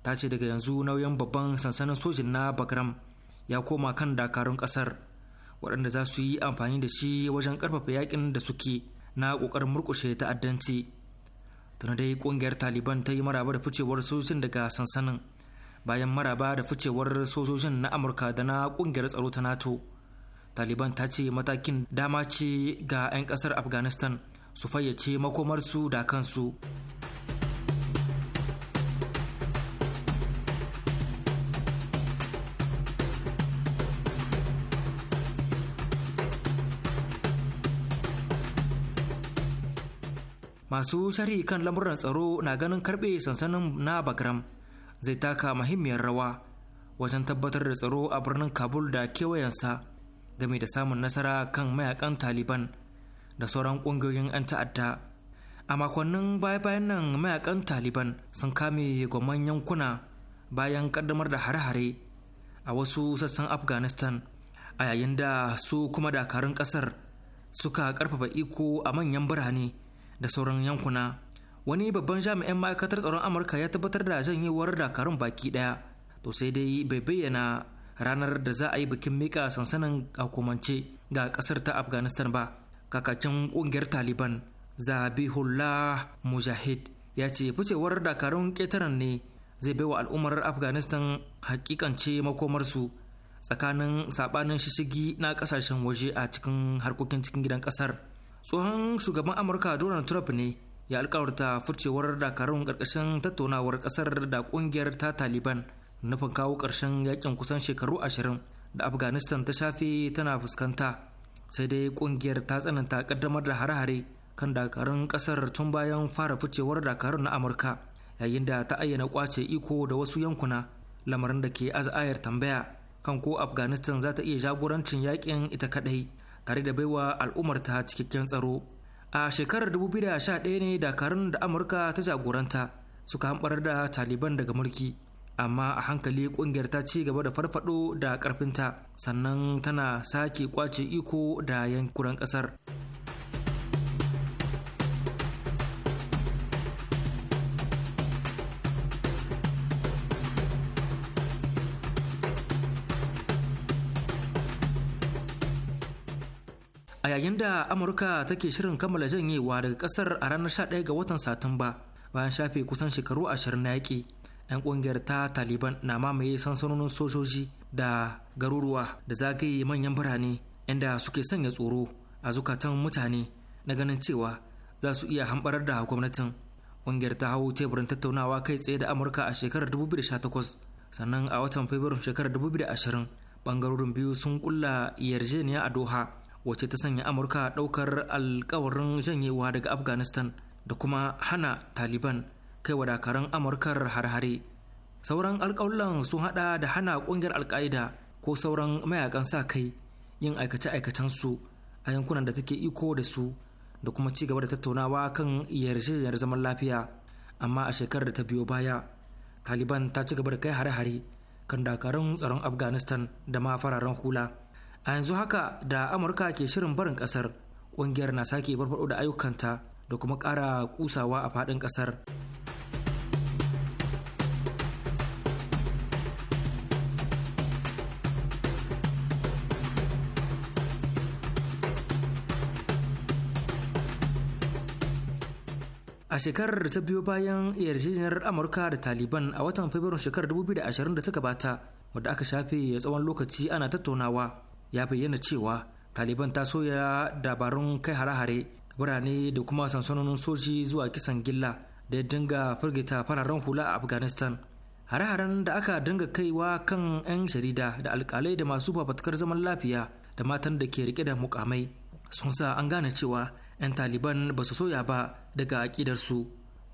ta ce daga yanzu nauyin babban sansanin sojin na bagram ya koma kan dakarun kasar waɗanda za su yi amfani da shi wajen ƙarfafa yakin da suke na ƙoƙarin murƙushe ta'addanci tana dai ƙungiyar taliban ta yi maraba da ficewar sojin daga sansanin bayan maraba da ficewar sojojin na amurka da na ƙungiyar tsaro ta nato taliban ta ce matakin dama ce ga 'yan kasar afghanistan su fayyace makomarsu da kansu masu shari kan lamuran tsaro na ganin karbe sansanin na bagram zai taka muhimmiyar rawa wajen tabbatar da tsaro a birnin kabul da kewayensa game da samun nasara kan mayakan taliban da sauran ƙungiyoyin 'yan ta'adda a makonnin baya-bayan nan mayakan taliban sun kame goman yankuna bayan kaddamar da hare-hare a wasu sassan afghanistan a yayin da su kuma dakarun ƙasar suka karfafa iko a manyan birane da sauran yankuna wani babban jami'in ma'aikatar tsaron amurka ya tabbatar da janyewar dakarun baki daya to sai dai bai bayyana ranar da za a yi bikin mika sansanin hukumance ga kasar ta afghanistan ba kakakin kungiyar taliban zabihullah mujahid ya ce ficewar dakarun ƙetaren ne zai baiwa al'ummar afghanistan hakikance makomarsu tsakanin sabanin shishigi na kasashen waje a cikin harkokin cikin gidan kasar tsohon shugaban amurka donald trump ne ya alkawarta ficewar dakarun ƙarƙashin tattaunawar kasar da ƙungiyar ta taliban nufin kawo ƙarshen yakin kusan shekaru ashirin da afghanistan ta shafe tana fuskanta sai dai kungiyar ta tsananta kaddamar da hare-hare kan dakarun kasar tun bayan fara ficewar dakarun na amurka yayin da ta ayyana kwace iko da wasu yankuna lamarin da ke az'ayar tambaya kan ko afghanistan za ta iya jagorancin yakin ita kadai tare da baiwa al'ummarta cikakken tsaro a shekarar 2011 ne dakarun da amurka ta jagoranta suka hamɓar da taliban daga mulki amma a hankali kungiyar ta ci gaba da farfado da karfinta sannan tana sake kwace iko da yankuran kasar a yayin da amurka take shirin kammala janyewa daga kasar a ranar 11 ga watan satumba bayan shafe kusan shekaru ashirin na yaƙi 'yan kungiyar ta taliban na mamaye sansanonin sojoji da garuruwa da zagaye manyan birane inda suke sanya tsoro a zukatan mutane na ganin cewa za su iya hambarar da gwamnatin ƙungiyar ta hau teburin tattaunawa kai tsaye da amurka a shekarar 2018 sannan a watan fabrairun shekarar 2020 bangarorin biyu sun kulla yarjeniya a doha wacce ta sanya amurka ɗaukar alkawarin janyewa daga afghanistan da kuma hana taliban kai wa dakarun amurkar har-hare sauran alkawulan sun hada da hana kungiyar alka'ida ko sauran mayakan sa kai yin aikace aikacen su a yankunan da take iko da su da kuma ci gaba da tattaunawa kan yarjejeniyar zaman lafiya amma a shekarar da ta biyo baya taliban ta ci gaba da kai hare-hare kan dakarun tsaron afghanistan da ma fararen hula a yanzu haka da amurka ke shirin barin kasar kungiyar na sake farfado da ayyukanta da kuma ƙara kusawa a faɗin ƙasar. a shekarar da ta biyo bayan yarjejeniyar amurka da taliban a watan fabrairun shekarar 2020 da ta gabata wadda aka shafe ya tsawon lokaci ana tattaunawa ya bayyana cewa taliban ta soya dabarun kai hare-hare birane da kuma sansanonin soji zuwa kisan gilla da ya dinga firgita fararen hula a afghanistan hare-haren da aka dinga kaiwa kan 'yan jarida da alkalai da masu fafatkar zaman lafiya da matan da ke rike da mukamai sun sa an gane cewa 'yan taliban ba su soya ba daga aƙidarsu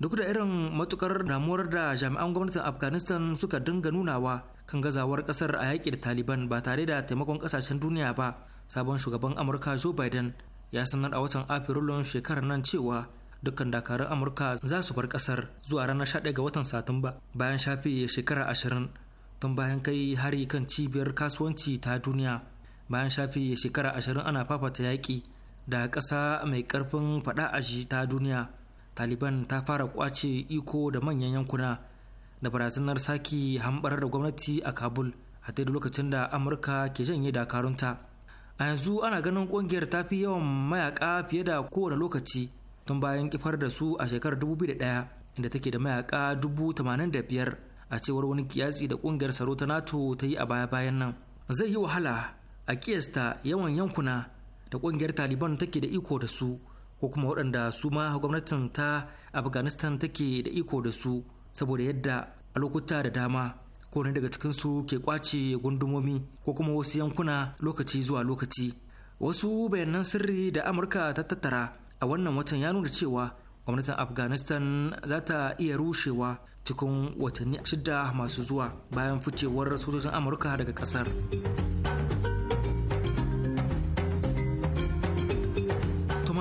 duk da irin matukar damuwar da jami'an gwamnatin afghanistan suka dinga nunawa kan gazawar kasar a yaƙi da taliban ba tare da taimakon ƙasashen duniya ba sabon shugaban amurka joe biden ya sanar a watan Afrilun shekarar nan cewa dukkan dakarun Amurka za su bar kasar zuwa ranar 11 ga watan Satumba bayan shafe shekara ashirin tun bayan kai hari kan cibiyar kasuwanci ta duniya bayan shafe shekara ashirin ana fafata yaƙi da ƙasa mai ƙarfin faɗa aji ta duniya Taliban ta fara ƙwace iko da manyan yankuna da barazanar saki hambarar da gwamnati a Kabul a daidai lokacin da Amurka ke janye dakarunta. a yanzu ana ganin kungiyar ta fi yawan mayaka fiye da kowane lokaci tun bayan kifar da su a shekarar 2001 inda take da mayaka 85,000 a cewar wani kiyasi da kungiyar tsaro ta nato ta yi a baya-bayan nan zai yi wahala a kiyasta yawan yankuna da kungiyar taliban take da iko da su ko kuma waɗanda su ma gwamnatin ta afghanistan take da iko da su saboda yadda a lokuta da dama ko ne daga cikinsu ke kwace gundumomi ko kuma wasu yankuna lokaci zuwa lokaci wasu bayanan sirri da amurka ta tattara a wannan watan ya nuna cewa gwamnatin afghanistan za ta iya rushewa cikin watanni shida masu zuwa bayan ficewar sojojin amurka daga kasar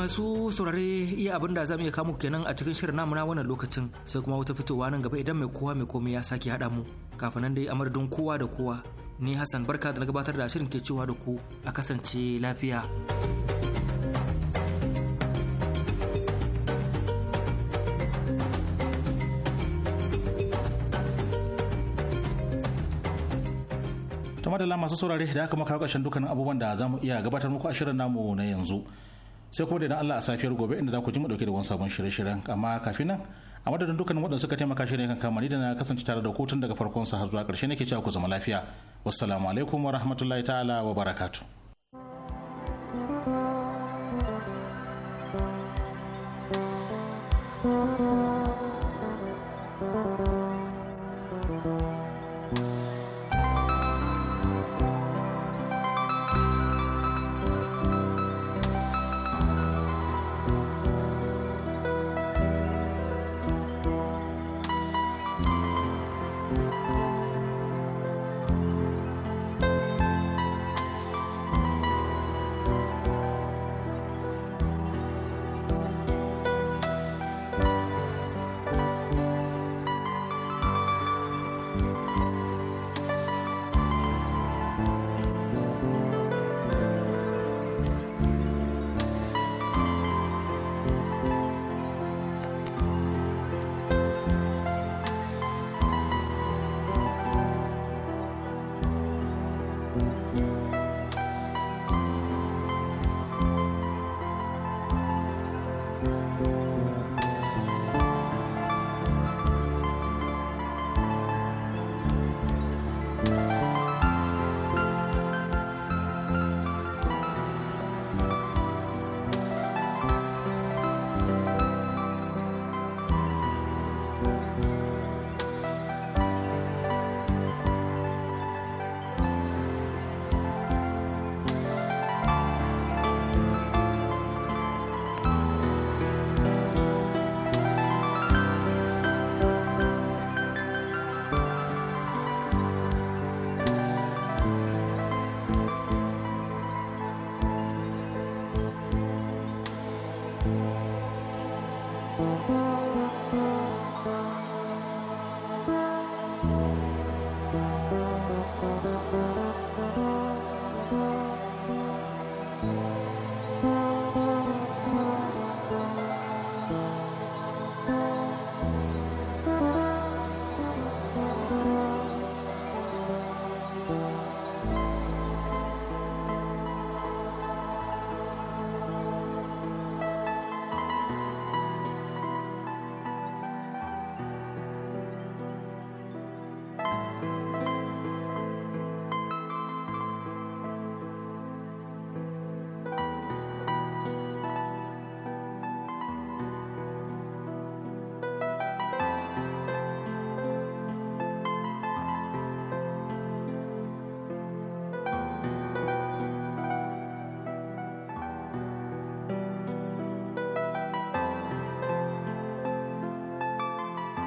masu saurare iya abin da za mu iya kamu kenan a cikin shirin namu na wannan lokacin sai kuma wata fitowa nan gaba idan mai kowa mai komai ya sake haɗa mu kafin nan dai amardin kowa da kowa ni hassan barka da na gabatar da shirin ke cewa da ku a kasance lafiya. ta madalla masu saurare da aka maka kashin dukkanin abubuwan da za mu iya gabatar muku a shirin namu na yanzu sai kuma da Allah a safiyar gobe inda za ku ji mu dauke da wani sabon shirye-shiryen amma kafin nan a madadin dukkanin waɗanda suka taimaka shi ne kan kamani da na kasance tare da kotun daga farkon sa har zuwa ƙarshe nake cewa ku zama lafiya wassalamu alaikum wa rahmatullahi ta'ala wa barakatu.